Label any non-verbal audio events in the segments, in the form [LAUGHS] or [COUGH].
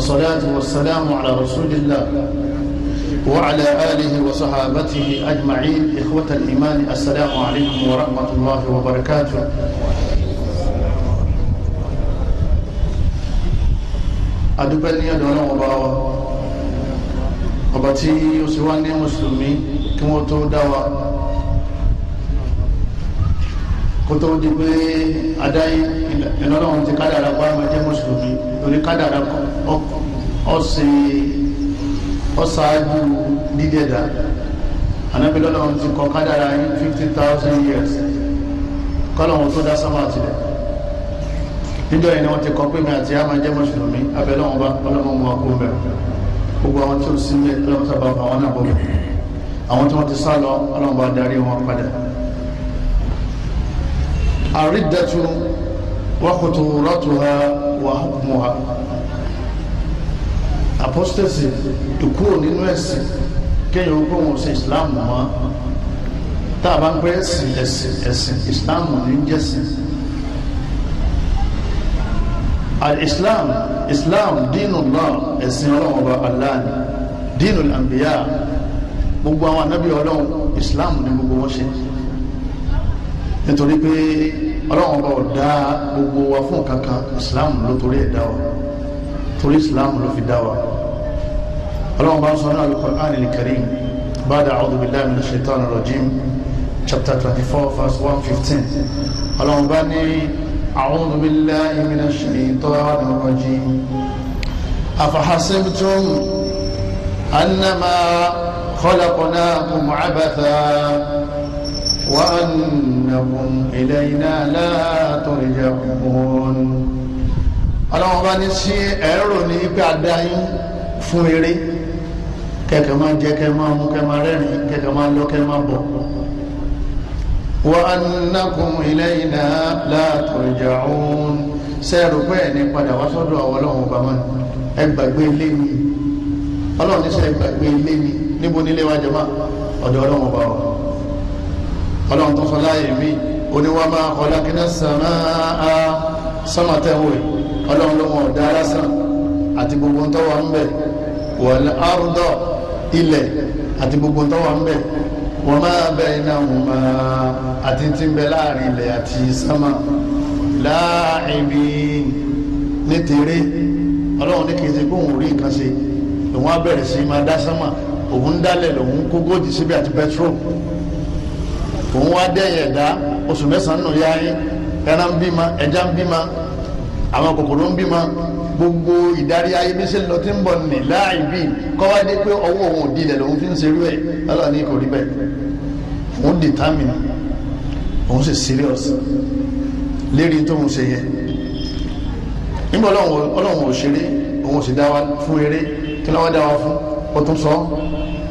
والصلاة والسلام على رسول الله وعلى آله وصحابته أجمعين إخوة الإيمان السلام عليكم ورحمة الله وبركاته adúpẹ́ ní ọ̀dọ̀ náà ọba مسلمي ọba tí ó kó tó di pé adáyé ìlọ́lọ́run ti kádàrà pa àmọ́ jẹ́ mùsùlùmí torí kádàrà ọ̀sìn ọ̀sáájú dídẹ̀dà anábìlọ́lọ́run ti kọ kádàrà yín fifty thousand years kọ́lọ́run tó dá sábà tilẹ̀ níjọ yìí ni wọ́n ti kọ pé mi àti àmọ́ jẹ́ mùsùlùmí abẹ́lọ́run bá ọlọ́mọ mu àkó bẹ̀rẹ̀ gbogbo àwọn tí ó sí ilé ọlọ́mọ sábà àwọn náà bọ̀ àwọn tí wọ́n ti sá lọ ọlọ́mọ bá darí wọn padà àrídẹ́tù wákòtò rọ́tùhà wàhùnmùhà apostasy ìkúrò nínú ẹ̀sìn kéèyàn ó gbóhùn sí islam mọ́ tá a bá ń pẹ́ ẹ̀sìn ẹ̀sìn ẹ̀sìn islam ní jẹ́sìn al-islam islam dínú náà ẹ̀sìn ọlọ́run ọba aláàni dínú al gbogbo àwọn anábìyà ọlọ́run islam ní gbogbo wọn ṣe nítorí pé ọlọ́run ọba ọ̀dá gbogbo wa fún kankan islam ló torí ẹ̀ dá wa torí islam ló fi dá wa ọlọ́run bá ń sọ ní al-Qur'an al-Karim ba'da a'udhu billahi minash shaitani rajim chapter twenty four verse one fifteen ọlọ́run bá ní a'udhu billahi minash shaitani rajim afahasibtum annama khalaqnakum abatha wa anna. إنكم إلينا لا ترجعون ọlọ́wọ́n bá ní sí ẹ̀rọ ní ipe àdá yín fún eré kẹ̀kẹ́ máa jẹ kẹ́ máa mú kẹ́ máa rẹ́rìn kẹ́kẹ́ máa lọ kẹ́ máa bọ̀ wa annakum ilayna la turja'un sẹ́ẹ̀rù pé ẹni padà wá sọ́dọ̀ àwọn ọlọ́wọ́n bá máa ẹ gbàgbé ilé mi ọlọ́wọ́n ní sẹ́ẹ̀ gbàgbé ilé mi níbo nílé wa jẹ́ máa ọ̀dọ̀ ọlọ́wọ́n bá wà ọlọ́run tó fọlá èmi oníwàmà ọ̀làkínà sàmáà sọ́mọ̀tẹ́wẹ̀ ọlọ́run ló wọn ọ̀dà lásán àti gbogbo tó wà ń bẹ̀ wọ́n àrùdọ̀ ilẹ̀ àti gbogbo tó wà ń bẹ̀ wọ́n máa bẹ iná wọn máa àti tí ń bẹ láàrin ilẹ̀ àti sánmà láàbí nítorí ọlọ́run ní kì ṣe pé òun rí nǹkan ṣe lòun á bẹ̀rẹ̀ sí máa dá sánmà òun dálẹ̀ lòun kó góòjì síbi àti pẹtrol òun wá dẹ́yìn ẹ̀dá oṣù mẹ́sàn-án nù yá yín ẹran ń bímọ ẹja ń bímọ àwọn kòkòrò ń bímọ gbogbo ìdarí ayé bí ṣe lọ tí ń bọ̀ nì láì bí kọ́wádé pé ọwọ́ òun ò di ilẹ̀ lòun fi ń ṣerú ẹ̀ ọlọ́ọ̀ni kò rí bẹ́ẹ̀ òun determine òun sì serious lérí tóun ṣe yẹ nígbà ọlọ́run ò ṣeré òun ò sì dá wa fún eré kí ló wá dá wa fún ó tún sọ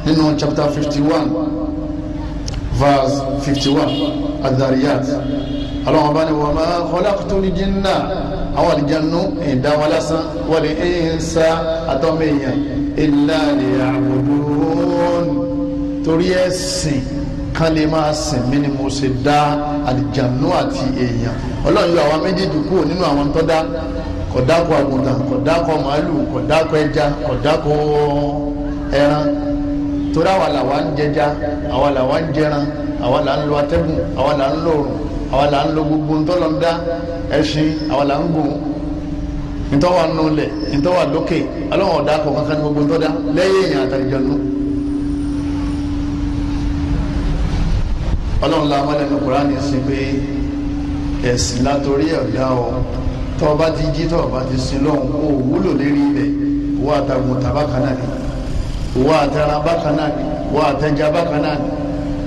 nínú chapter fifty one verse fifty one adariyat alọ́wọ́n bá ní wọ́n máa khalaqtu al-jinna àwọn àlìjánu ìdáwọn lásán wal insa àtọ́mẹ̀yàn illa liya'budun torí ẹ̀sìn kan lè máa sìn mí ni mo ṣe dá àlìjánu àti èèyàn ọlọ́run yọ àwọn méjèèjì kúrò nínú àwọn tó dá kò dákọ̀ àgùntàn kò torí àwa làwa ń jẹja àwa làwa ń jẹran àwa là ń lo atẹ́gùn àwa là ń lo òrùn àwa là ń lo gbogbo ntọ́lọ́ndá ẹṣin àwa là ń gùn ntọ́wà nulẹ̀ ntọ́wà lókè ọlọ́wọ́n ọ̀dà kọ̀ kankan ní gbogbo ntọ́dá lẹ́yìn èèyàn àtàlìjọ́nù. ọlọ́run la wọ́n lẹ́nu kúránì sí pé ẹ̀sìn látòrí ọ̀dà ọ tọ́ ti jí tọ́ ti sin lọ́hùn kó wúlò lérí ibẹ̀ wọ́n àtàgùn tàbákan náà wọ́n àtẹ̀ra bákan náà ni wọ́n àtẹ̀já bákan náà ni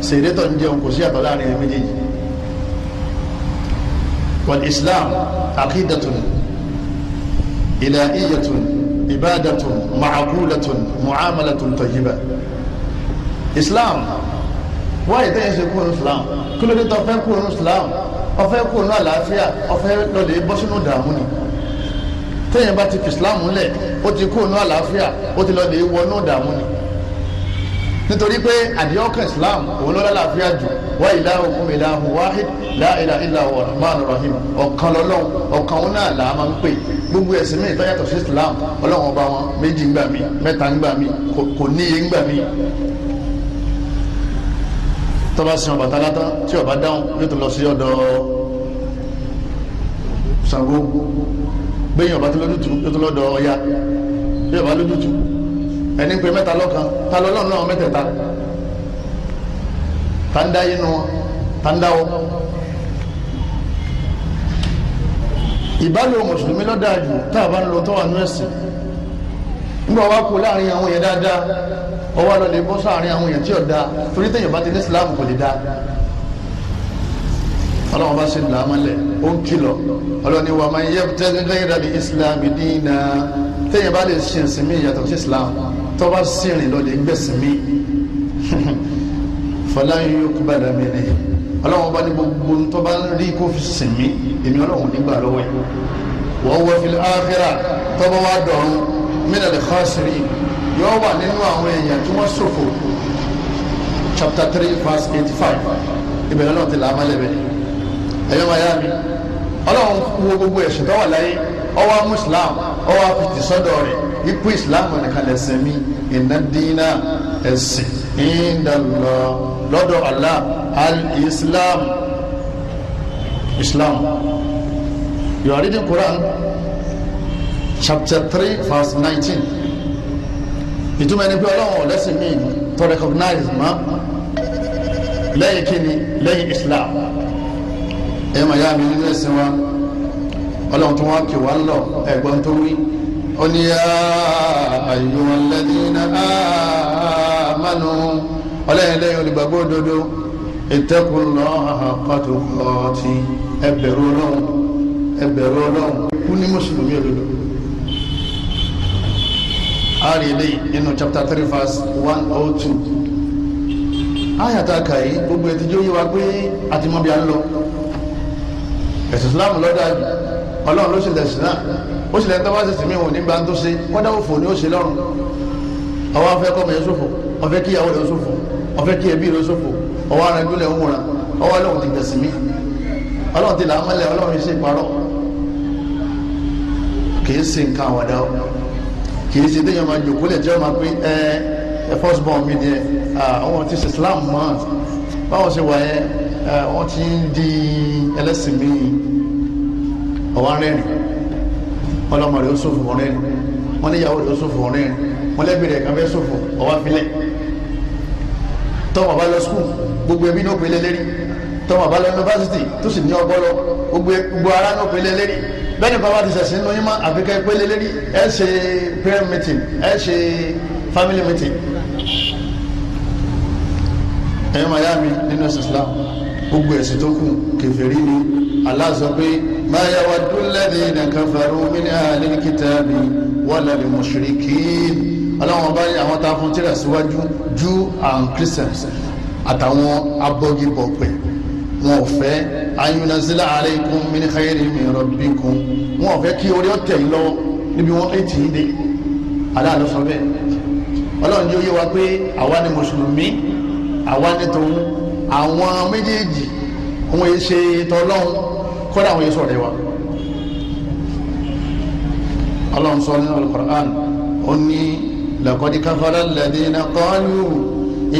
sèdétọ̀ ń jẹun kò sí àtọ̀ láàrin ẹ̀ méjèèjì wal islam aqidatun ilaiyatun ibadatun ma'akulatun mu'amalatun tayyiba islam wáyé tẹ́yẹ ṣe kúrò ní islam kí ló dé tó fẹ́ kúrò ní islam ọ̀fẹ́ kúrò ní àlàáfíà ọ̀fẹ́ lọ́lẹ̀ bọ́sínú dààmú ni téèyàn bá ti fi islam lẹ̀ ó ti kú inú àlàáfíà ó ti lọ lè wọnú ìdààmú ni nítorí pé àdìọ́kàn islam òun ló lálàáfíà jù wá ìlàhùn kún ìlàhùn wáhid láìlà ìlàhùn rahman rahim ọ̀kan lọ́lọ́hùn ọ̀kan òun náà là á máa ń pè gbogbo ẹ̀sìn mi tó yàtọ̀ sí islam ọlọ́run ọba wọn méjì ńgbà mí mẹ́ta ńgbà mí kò níye ńgbà mí tọ́ba sin ọba tálátá tí ọba dáhùn yóò tó lọ sí ọ̀dọ̀ Ṣàngó bẹ́yìn ọba tó lójútu tó tó lọ́dọ̀ ọya bí ọba lójútu ẹni pé mẹ́ta lọ́kan ta lọ́lọ́run náà mẹ́tẹ̀ẹ̀ta ta ń dá yín wọn ta ń dá wọn. ìbálò mùsùlùmí ló tá a bá ń lo tó wà nú ẹ̀sìn nígbà wá kú láàrin àwọn yẹn dáadáa ọwọ́ lọ lè bọ́ sáàrin àwọn yẹn tí ò dáa torí ọlọ́run bá sì là á mọ́lẹ̀ ó ń kìlọ̀ ọlọ́ni wa máa yẹ tẹ́lẹ̀ gẹ́gẹ́ bí islam dínà téèyàn bá lè ṣe ẹ̀sìn mi yàtọ̀ sí islam tó bá sì rìn lọ lè gbẹ̀sìn mi fọláyín yóò kú bàdà mi ni ọlọ́run bá ní gbogbo tó bá rí kó fi sìn èmi ọlọ́run nígbà lọ́wọ́ wọ́n wọ fi áfíra tó bá wá dọ̀run mílẹ̀ lè kọ́ sírí yóò wà nínú àwọn èèyàn tí wọ́n ṣòfò chapter three verse eighty five ìbẹ̀rẹ̀ náà ti là á mọ́lẹ̀ bẹ́ẹ̀ ẹ̀yọ́ máa yá mi ọlọ́run wo gbogbo ẹ̀sìn tó wà láyé ọwọ́ muslim ọwọ́ apìtì sọ́dọ̀ rẹ̀ ipò islam nìkan lẹ́sìn mi iná dínà ẹ̀sìn ìdàlọ́ allah al-islam islam you are reading quran chapter three verse nineteen ìtumọ̀ ẹni pé ọlọ́run ọ̀lẹ́sìn mi to recognize ma lẹ́yìn kíni lẹ́yìn islam ẹ mà yá mi nínú ẹ̀sìn wa ọlọ́run tó wá kì wá lọ ẹ̀gbọ́n tó wí ó ní yá ayyuha alladhina amanu ọlẹ́yìn lẹ́yìn olùgbàgbọ́ òdodo ittaqullaha haqqa tuqati ẹ bẹ̀rù ọlọ́run ẹ bẹ̀rù ọlọ́run kú ní mùsùlùmí òdodo ari eléyìí nínú chapter three verse one oh two ayàtà kàyí gbogbo ẹ̀ tí jó yé wa pé àtìmọ́bí à ń lọ ẹ̀sìn islam lọ́dà jù ọlọ́run ló sì lẹ̀sìn náà ó sì lẹ́ni tó bá sì sìn mí òun nígbà tó ṣe kọ́dà òfò ni ó ṣe lọ́rùn àwọn afẹ́ kọ́ mi ṣòfò ọ̀fẹ́ kí ìyàwó rẹ̀ ṣòfò ọ̀fẹ́ kí ẹbí rẹ̀ ṣòfò ọwọ́ ara ẹgbẹ́ lẹ́hún múra ọwọ́ ọlọ́run ti gbẹ̀sìn mí ọlọ́run ti là á mọ́lẹ̀ ọlọ́run ṣe parọ́ kì í ṣe nǹkan àwàdà o kì í ṣe déyàn máa jòkó lẹ̀ jẹ́ máa pé ẹ ẹ first born mi ni ẹ àwọn ti ṣe Islam mọ́ báwọn ṣe wà yẹn wọ́n ti ń di ẹlẹ́sìn mi ọ̀wọ́n rẹ́rìn wọ́n lọ́mọ rẹ̀ ó ṣòfò wọ́n rẹ́rìn wọ́n ní ìyàwó rẹ̀ ó ṣòfò wọ́n rẹ́rìn wọ́n lẹ́bi rẹ̀ kan fẹ́ ṣòfò ọ̀wá filẹ̀ tọ́wọ́ bá lọ skul gbogbo ẹbí náà pélé lérí tọ́wọ́ bá lọ yunifásitì tó sì ní ọgbọ́n gbogbo ara náà pélé lérí bẹ́ẹ̀ni bàbá ti sẹ̀sìn nínú yín má àfikẹ́ pélé lérí ẹ ṣe prayer meeting ẹ ṣe family meeting ẹ̀yin màá yá mi nínú Islam gbogbo ẹ̀sìn tó kù kèfèrí ni Allah sọ pé ma yawaddu alladhina kafaru min ahlil kitabi wala lil mushrikin ọlọ́wọ́n bá àwọn tá a fún tíra síwájú Jew and Christians àtàwọn abọ́gibọ̀pẹ̀ wọn ò fẹ́ ayunazila aleikum min khairin min rabbikum wọn ò kí orí ọ̀tẹ̀ yìí lọ́wọ́ níbi wọn ètì yìí dé aláàlú sọ bẹ́ẹ̀ ọlọ́run yóò yé wa pé àwa ni mùsùlùmí àwa ni tòun àwọn méjèèjì wọn yìí ṣe tọlọ́hún kọ́dà wọn yìí sọ̀rọ̀ wa ọlọ́run sọ nínú alukur'an ó ní laqad kafara alladhina qalu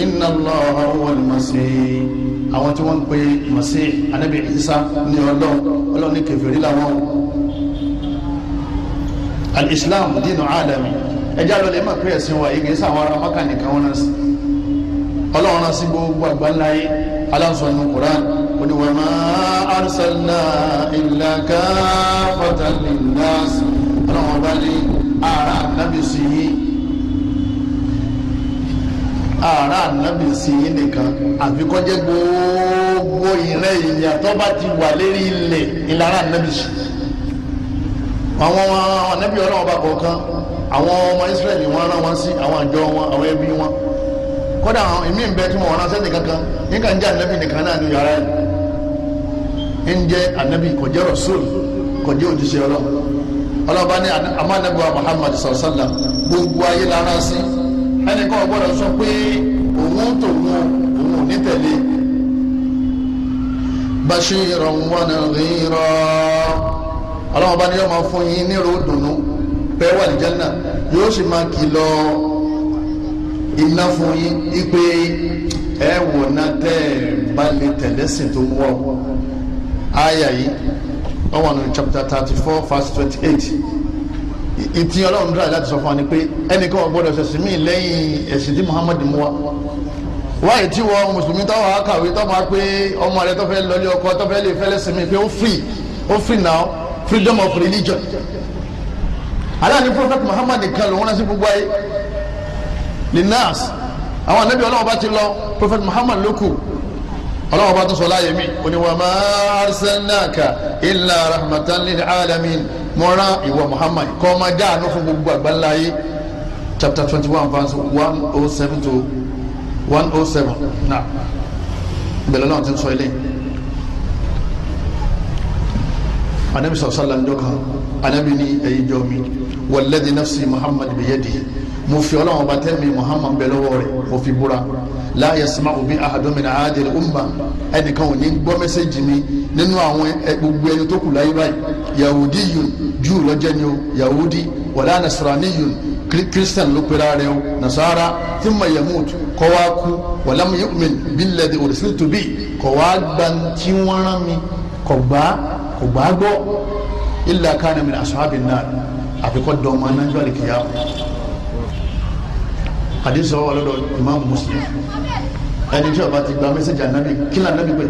inna Allaha huwal masih àwọn tí wọ́n ń pe masih anabi isa ní ọlọ́run ọlọ́run ní kèfèrí làwọn al-islam dínú alami ẹjá lọ lè má pè ẹ̀sìn wa yìí kì í nìkan wọn náà sí ọlọ́run náà sí gbogbo àgbáńláyé aláǹsọ inú Quran ó ní wa ma arsalna illa kaffatan linnas ọlọ́wọ́n bá ní ara ànábì sí yí ara ànábì sí yí nìkan àfi kó jẹ́ gbogbo ìrẹ́ ìyá tó ti wà lérí ilẹ̀ ìlara ànábì sí àwọn ànábì ọlọ́wọ́n bá kọ̀ọ̀kan àwọn ọmọ Israẹli wọn rán wọn sí àwọn àjọ wọn àwọn ẹbí wọn kódà àwọn èmi ń bẹ tí wọn wọn ránṣẹ́ nìkankan nígbà ń jẹ́ ànábì nìkan náà ní yàrá ẹ̀ ń jẹ́ ànábì kò jẹ́ rasul kò jẹ́ òjíṣẹ́ ọlọ́run ọlọ́ba ní amánàbíwá Muhammad sàlsàlà gbogbo ayé lára sí ẹnì kan gbọ́dọ̀ sọ pé òun tòun òun ò ní tẹ̀lé bashiran wa nadhira ọlọ́run ọba ní yóò máa fún yín ní ròdùnú pé wà ní Janna yóò sì máa kìlọ̀ ọ́ iná fún yín ipe ẹ wò ná tẹ ẹ bá lè tẹ̀lé sìn tó mú ọ àyà yìí wọn wà ní chapter thirty four verse twenty eight ìtì ọlọ́run dúrà láti sọ fún wa ni pé ẹnìkan ò gbọ́dọ̀ ṣẹ̀sìn mí lẹ́yìn ẹ̀sìn tí Muhammad mú wa wáyé tí wọ́n mùsùlùmí táwọn akàwé táwọn apé ọmọ rẹ tó fẹ́ lọlé ọkọ tó fẹ́ lè fẹ́ lẹ́sìn mi pé ó free ó free now freedom of religion aláàní prophet Muhammad kan lòun rán sí gbogbo ayé linas àwọn anabi ọlọ́wọ́ bá ti lọ prophet muhammad ló kù ọlọ́wọ́ bá tó sọ láàyè mi ó ní wa ma arsalnaka illa rahmatan lil alamin mọ́ra ìwọ muhammad kọ́ ọ ma jáàánú fún gbogbo àgbáńlá yìí chapter twenty one verse one oh seven to one oh seven na ìbẹ̀rẹ̀ náà ti ń sọ eléyìí. anabi sọ sálà ń jọ anabi ní ẹ̀yin jọ mi wàlẹ́dì nafsi muhammad bìyẹ́dì mo fi ọlọ́run ọba tẹ́mi muhammad bẹ lọ́wọ́ rẹ̀ mo fi búra la yasma'u bi ahadun min hadhihi al-umma ẹnìkan ò ní gbọ́ mẹ́sẹ̀gì mi nínú àwọn gbogbo ẹni tó kù láyé báyìí yahudi yun júù lọ́jẹ́ ni o yahudi wala nasarani yun kristian ló pera rẹ̀ o nasara thumma yamut kọ́ wa kú walam yu'min billadhi ursiltu bi kọ́ wa gbanti wọ́n rán mi kọ́ gbá kọ́ gbá gbọ́ illa kana min ashabin nar àfikọ́ dọ̀ọ́ ma náà àlìkìyà àdìsí wọn wà lọ́dọ̀ Imam Muslim ẹni tí o bá ti gba mẹ́sẹ̀jì ànábì kí ni ànábì pé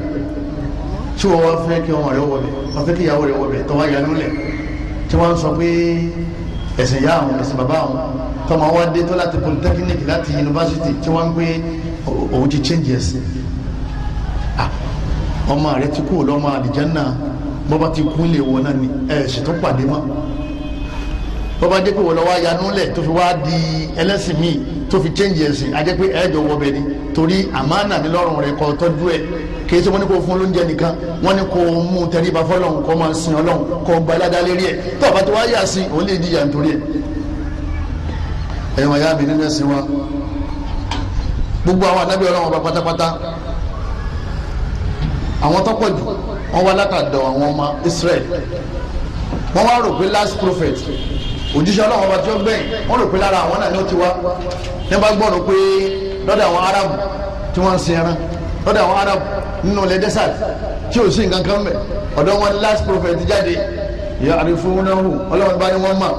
tí o wá fẹ́ kí o rẹ̀ wọ̀ o wọ́n fẹ́ kí ìyàwó rẹ̀ wọ̀ bẹ̀ tó wá yà lólẹ̀ tí wọ́n sọ pé ẹ̀sìn ìyá àwọn ẹ̀sìn bàbá àwọn tọmọ wa dé tó láti polytechnic láti yunifásitì tí wọ́n ń pè òun ti change ẹ̀sìn ọmọ rẹ̀ ti kú lọ́mọ àlìjánná bọ́bá ti kú lè wọ̀ náà ni ẹ̀ ṣètò pàdé mọ́ bọ́bá jẹ́ pé wọ́n lọ́wọ́ ayanú lẹ̀ tó fi wá di ẹlẹ́sìn míì tó fi change ẹ̀sìn ajẹ́ pé ẹ̀ẹ́dọ̀ wọbẹ̀ ni torí àmánà ní lọ́rùn rẹ̀ kọ́ tọ́jú ẹ̀ kì í ṣe wọ́n ní kó fún lóúnjẹ nìkan wọ́n ní kó mú tẹríba fọlọ́hún kó máa sin ọlọ́hún kó gba aládá lérí ẹ̀ tó bá ti wá yà sí òun lè jìyà nítorí ẹ̀. ẹ̀wọ̀n ya mi nínú ẹ̀sìn wa gbogbo àwọn anábì ọlọ́run ọba pátápátá àwọn tọ́pọ̀ jù wọ́n wá látàdọ̀ àwọn ọmọ Israel wọ́n wá rò pé last prophet òjíṣẹ́ ọlọ́run ọba tí ó gbẹ̀yìn wọ́n rò pé lára àwọn náà ni ó ti wá ní bá gbọ́dọ̀ pé lọ́dọ̀ àwọn Arabu tí wọ́n ń sin ẹran lọ́dọ̀ àwọn Arabu nínú ilẹ̀ desert tí ò sí nǹkan kan mẹ́ ọ̀dọ̀ wọn last prophet jáde ya'rifunahu ọlọ́run bá ní wọ́n mọ̀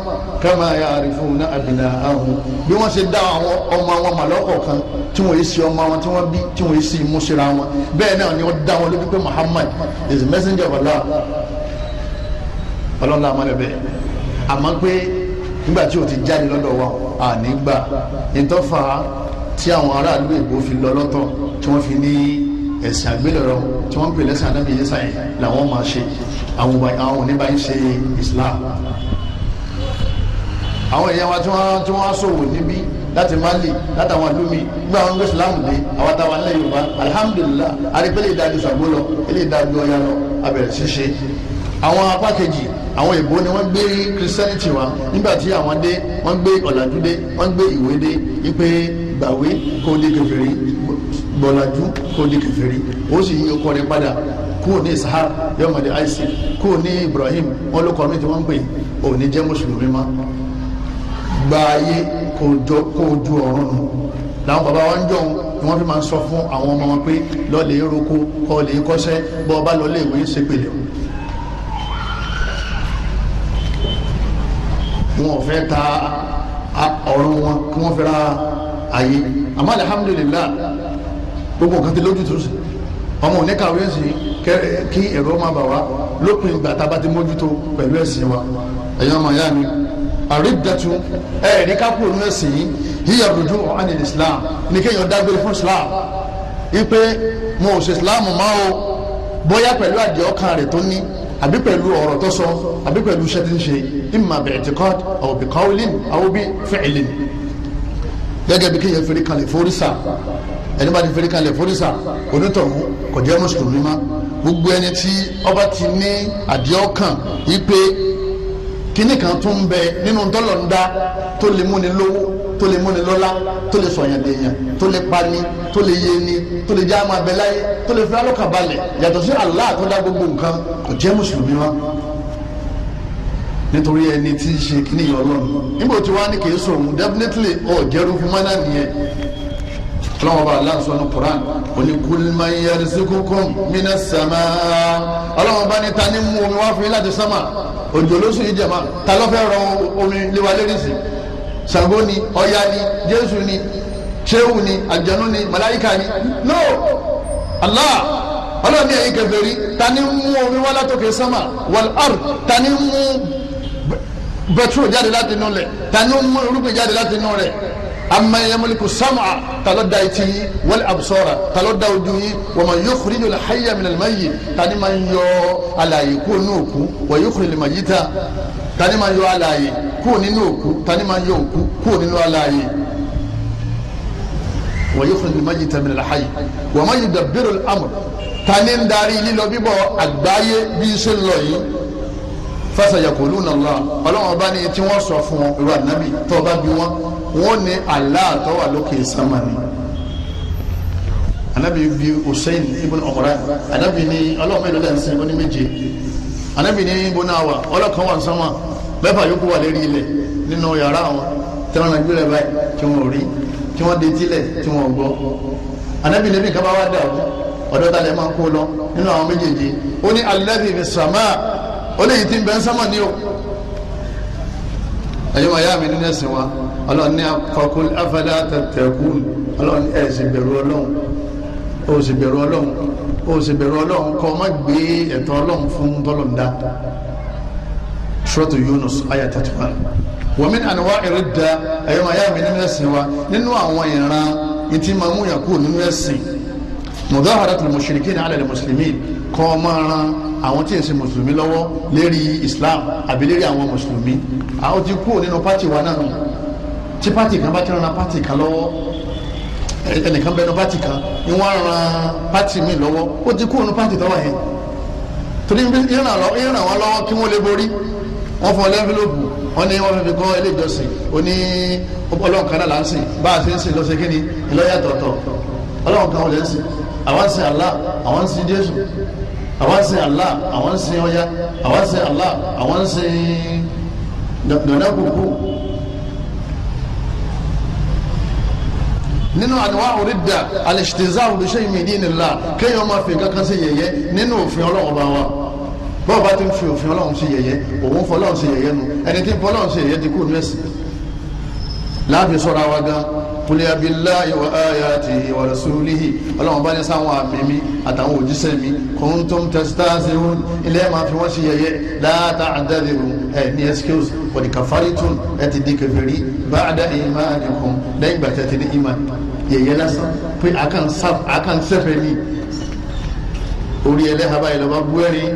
kama ya'rifuna abna'ahum bí wọ́n ṣe dá àwọn ọmọ wọn mà lọ́kọ̀ọ̀kan tí wọ́n yé si ọmọ wọn tí wọ́n bí tí wọ́n yé si ìmúṣẹ́ra wọn bẹ́ẹ̀ náà ni wọ́n dá wọn lójú pé Muhammad is the messenger of Allah ọlọ́run náà má lè bẹ́ẹ̀ àmọ́ pé nígbà tí o ti jáde lọ́dọ̀ wa ànígbà ìtọ́fà tí àwọn ará àdúgbò èkó fi lọ lọ́tọ̀ tí wọ́n fi ní ẹ̀sìn àgbélẹ̀rọ tí wọ́n ń pè lẹ́sìn anábì yẹ́sà yẹn làwọn máa ṣe àwọn oníbà ń ṣe Islam àwọn èèyàn wa tí wọ́n á ṣòwò níbí láti Mali látàwọn àdúmí gbé àwọn ọmọ Islam dé àwọn táwọn alẹ́ Yorùbá alihamudulila arípẹ́lẹ́ ìdájú sàgbó lọ ilé ìdájú ọya lọ abẹ̀rẹ̀ ṣíṣe àwọn apá kejì àwọn ìbò ni wọ́n gbé christianity wa nígbà tí àwọn dé wọ́n gbé ọ̀làjú dé wọ́n gbé ìwé dé wípé gbàwé kó di kèfèrí bọ̀làjú kó di kèfèrí ó sì yí ọkọ rẹ padà kúrò ní ishaq yọmọdé isaac kúrò ní ibrahim wọn ló kọ mí tí wọn ń pè ò ní jẹ mùsùlùmí mọ́ gba ayé kó ju ọ̀run nù làwọn baba wa ń jọ ni wọn fi máa ń sọ fún àwọn ọmọ wọn pé lọ́ọ̀lẹ́ eroko kọ́ọ̀lẹ́ kọ́sẹ́ bọ́ọ̀ wọn fẹ́ ta ọ̀run wọn kí wọ́n fẹ́ ra ayé àmọ́ alihamudulilayi gbogbo nǹkan ti lójú tó sí ọmọ òní kàwé sí kí ẹ̀rọ má bà wá lópin ìgbà tá a bá ti mójútó pẹ̀lú ẹ̀sìn wa ẹ̀yin ọmọ ìyá mi àrídàtú ẹ̀ẹ̀rí kápò ní ẹ̀sìn yìí yíyà rújú ọ̀hánì islam ní kéèyàn dágbére fún islam wípé mo ò ṣe islam máa o bóyá pẹ̀lú àdìọ́kàn rẹ̀ tó ní àbí pẹ̀lú ọ̀rọ̀ tó sọ àbí pẹ̀lú iṣẹ́ tí ń ṣe imma bi'tiqad aw biqawlin aw bi fi'lin gẹ́gẹ́ bí kéèyàn fèrè kalẹ̀ fórìṣà ẹni bá ti fèrè kalẹ̀ fórìṣà onítọ̀hún kò jẹ́ mùsùlùmí má gbogbo ẹni tí ọba ti ní àdìọ́kàn yí pé kíní kan tún bẹ nínú tọ́lọ̀ ń dá tó lè múni lówó tó lè múni lọ́lá tó lè sọ̀yàn dèèyàn tó lè pani tó lè yéni tó lè já máa bẹ tó lè fi alọ́kà balẹ̀ yàtọ̀ sí Allah tó dá gbogbo nǹkan kò jẹ́ mùsùlùmí wa nítorí ẹni tí ń ṣe kíní yọ ọlọ́run níbo tí wàá ní kì í sòun definitely ọ̀ jẹ́rú fún mọ́nà nìyẹn ọlọ́wọ́n bá aláǹsọ ní Quran òní kulma yarzuqukum minas sama ọlọ́wọ́n bá ní ta ní mú omi wá fún yín láti sámà òjò lóṣù yìí jẹ̀má ta ló fẹ́ rọ omi léwa lérìsì Ṣàngó ni Ọya ni Jésù ni sehu ni aljanu ni malayika ni no Allah ọlọ́run ní ẹ̀yin kèfèrí ta ni mú omi wá látòkè sámà wal ard ta ni mú bẹtúrò jáde láti inú rẹ̀ ta ni mú irúgbìn jáde láti inú rẹ̀ amma yamliku sam'a talo da etí yín wal absara talo da ojú yín wa man yukhriju al-hayya min al-mayyit tani máa ń yọ alààyè kúrò ní òkú wa yukhriju al-mayyita tani máa ń yọ alààyè kúrò nínú òkú tani máa ń yọ òkú kúrò nínú alààyè wa yukhriju al-mayyita min al-hayy yudabbiru al tani ń darí lílọ bíbọ̀ àgbáyé bí iṣẹ́ lọ yìí Allah ọlọ́wọ́n bá ní tí wọ́n sọ fún wọn ìwà nàbì tó wọ́n ní Allah tó wà lókè sánmà ni anabi bi Hussein ibn Umran anabi ni ọlọ́mọ ìlú lẹ́sìn ó ní méje anabi ni ibùnà wà ọlọ́kan wà sánmà mẹ́fà yòókù wà lérí ilẹ̀ nínú yàrá wọn tẹ́wọ́n gbéra báyìí tí wọ́n rí tí wọ́n detílẹ̀ tí wọ́n gbọ́ anabi lẹ́bi kaba wa dà o ọ̀dọ́ ta lẹ́ máa kó lọ nínú àwọn méjèèjì ó ní alẹ́ bíi sàmà ó lè yìí ti bẹ́ sánmà ni o ẹ̀yọ́ wọn yá mi nínú ẹ̀sìn wa ọlọ́run ní afọkùn afẹ́lẹ́ àtẹ̀tẹ̀kùn ọlọ́run ẹ̀ sì bẹ̀rù ọlọ́run ó sì bẹ̀rù ọlọ́run ó sì bẹ̀rù ọlọ́run kọ́ má gbé ẹ̀tọ́ ọlọ́run fún tọ́lọ̀ǹda suratu Yunus aya thirty one wa min anwa'i ridda ẹ̀yọ́ wọn yá mi nínú ẹ̀sìn wa nínú àwọn ìran ìtì máa mú yàn kúrò nínú ẹ̀sìn mudaharatul mushrikin ala al-muslimin kọ́ máa ràn àwọn tí ń ṣe mùsùlùmí lọ́wọ́ lérí islam àbí lérí àwọn mùsùlùmí àwọn ti kúrò nínú pátì wa náà tí pátì kan bá ti ran pátì kan lọ́wọ́ ẹnìkan bẹnu pátì kan ni wọ́n ran pátì míì lọ́wọ́ ó ti kúrò nínú pátì tọ́wọ́ yẹn torí ìràn wọn lọ́wọ́ kí wọ́n lè borí wọ́n fọ lẹ́fílọ́pù wọ́n ní wọ́n fi fi kọ́ ilé ìjọsìn oní ọlọ́run kan náà là ń sìn bá a ṣe ń sìn lọ́sẹ̀ kínní ìlọ́yà tọ̀tọ̀ ọlọ́run kan wọ́n lè ń sìn àwọn ń sìn Allah àwọn ń sìn Jésù àwọn ń sin Allah àwọn ń sin ọya àwọn ń sin Allah àwọn ń sin dọ̀nàkùkù. nínú àdúrà orídà alẹ́sìtìzá olùṣe ìmìdínlá kéèyàn máa fi nǹkan kan sí yẹ̀yẹ́ nínú òfin ọlọ́run bá wa bọ́ọ̀ bá ti ń fi òfin ọlọ́run sí yẹ̀yẹ́ òun fọlọ́run sí yẹ̀yẹ́ nu ẹni tí ń fọlọ́run sí yẹ̀yẹ́ ti kú ní ẹ̀sìn láàfin sọ́ra wa gan-an kúlẹ̀ abilá ìwà ayati àti ìwà rasulihi ọlọ́run bá ní sáwọn àmì mi àtàwọn òjíṣẹ́ mi kuntum tastahzi'un ilé ẹ̀ máa fi wọ́n ṣe yẹ̀yẹ́ láàtà àdáyẹ̀rù ẹ̀ ní excuse kọ̀dí kàfárìtún ẹ̀ ti di kẹfẹ́rí ba'da imanikum lẹ́yìn ìgbà tẹ̀ ti ní ìmá yẹ̀yẹ́ lásán pé àkànṣẹ́fẹ́ ni orí ẹlẹ́ha báyìí lọ́ba búẹ́rin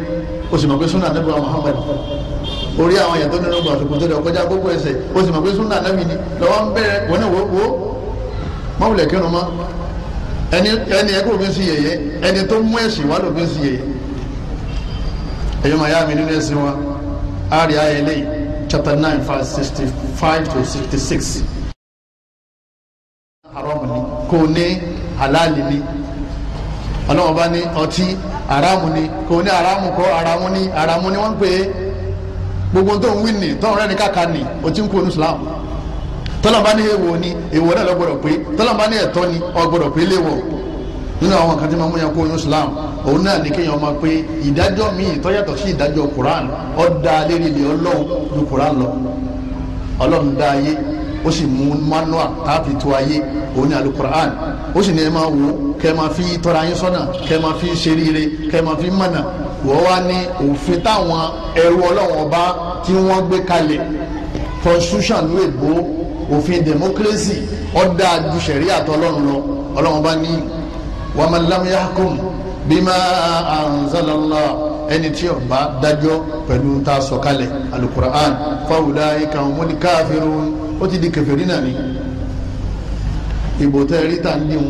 ó sì súnà nẹ́bí wa Muhammad orí àwọn èèyàn tó nínú gbàtúkú tó dẹ̀ kọjá gbogbo ẹsẹ̀ ó sì súnà nẹ́bí ni lọ́wọ́ ń bẹ̀rẹ̀ wọ́n náà wò ó máa wulẹ̀ kírun mọ́ ẹni ẹni ẹgbẹ́ òfin sí yẹyẹ ẹni tó mú ẹ̀sìn wà lófin si yẹyẹ ẹ̀yọ́ ari ayẹlẹ chapter nine five sixty five to sixty six haram ni kò ní halali ni ọlọ́wọ́n bá ní ọtí ni kò ní haramu kọ́ haramu ni haramu ni wọ́n pè é gbogbo tó ń wí nì tọ́run rẹ̀ ni kàkà nì ọtí ń kó tọ́lá bá ní èèwọ̀ ni èèwọ̀ náà lọ́gbọ̀dọ̀ pé tọ́lá bá ní ẹ̀tọ́ ni ọgbọ̀dọ̀ pé léwọ̀ nínú àwọn kan tí máa mú yan kó oyún Islam òun náà ní kéèyàn máa pé ìdájọ́ míì tó yàtọ̀ sí ìdájọ́ Quran ó dá lérí ilé Ọlọ́run ju Quran lọ Ọlọ́run dá ayé ó sì mú manual tààfi tó ayé òun ní alukur'an ó sì ní ẹ máa wò kẹ máa fi tọ́ra yín sọ́nà kẹ máa fi ṣeríire kẹ máa fi mọ̀nà wọ́n wá ní òfin táwọn ẹrú Ọlọ́run ọba tí wọ́n gbé kalẹ̀ constitution ló èbó òfin democracy ọ̀dà ju sẹ̀ríà tọ́lọ́run lọ ọlọ́run bá ní wàmà lámúyàkùn bímá ànzálàlá ẹni tí ó bá dájọ́ pẹ̀lú tá a sọ̀kalẹ̀ alukur'an fáwùdà ìkà òmùdí káfírun ó ti di kẹfẹ́rí náà ni ìbò tẹ́ rí tà ń díhun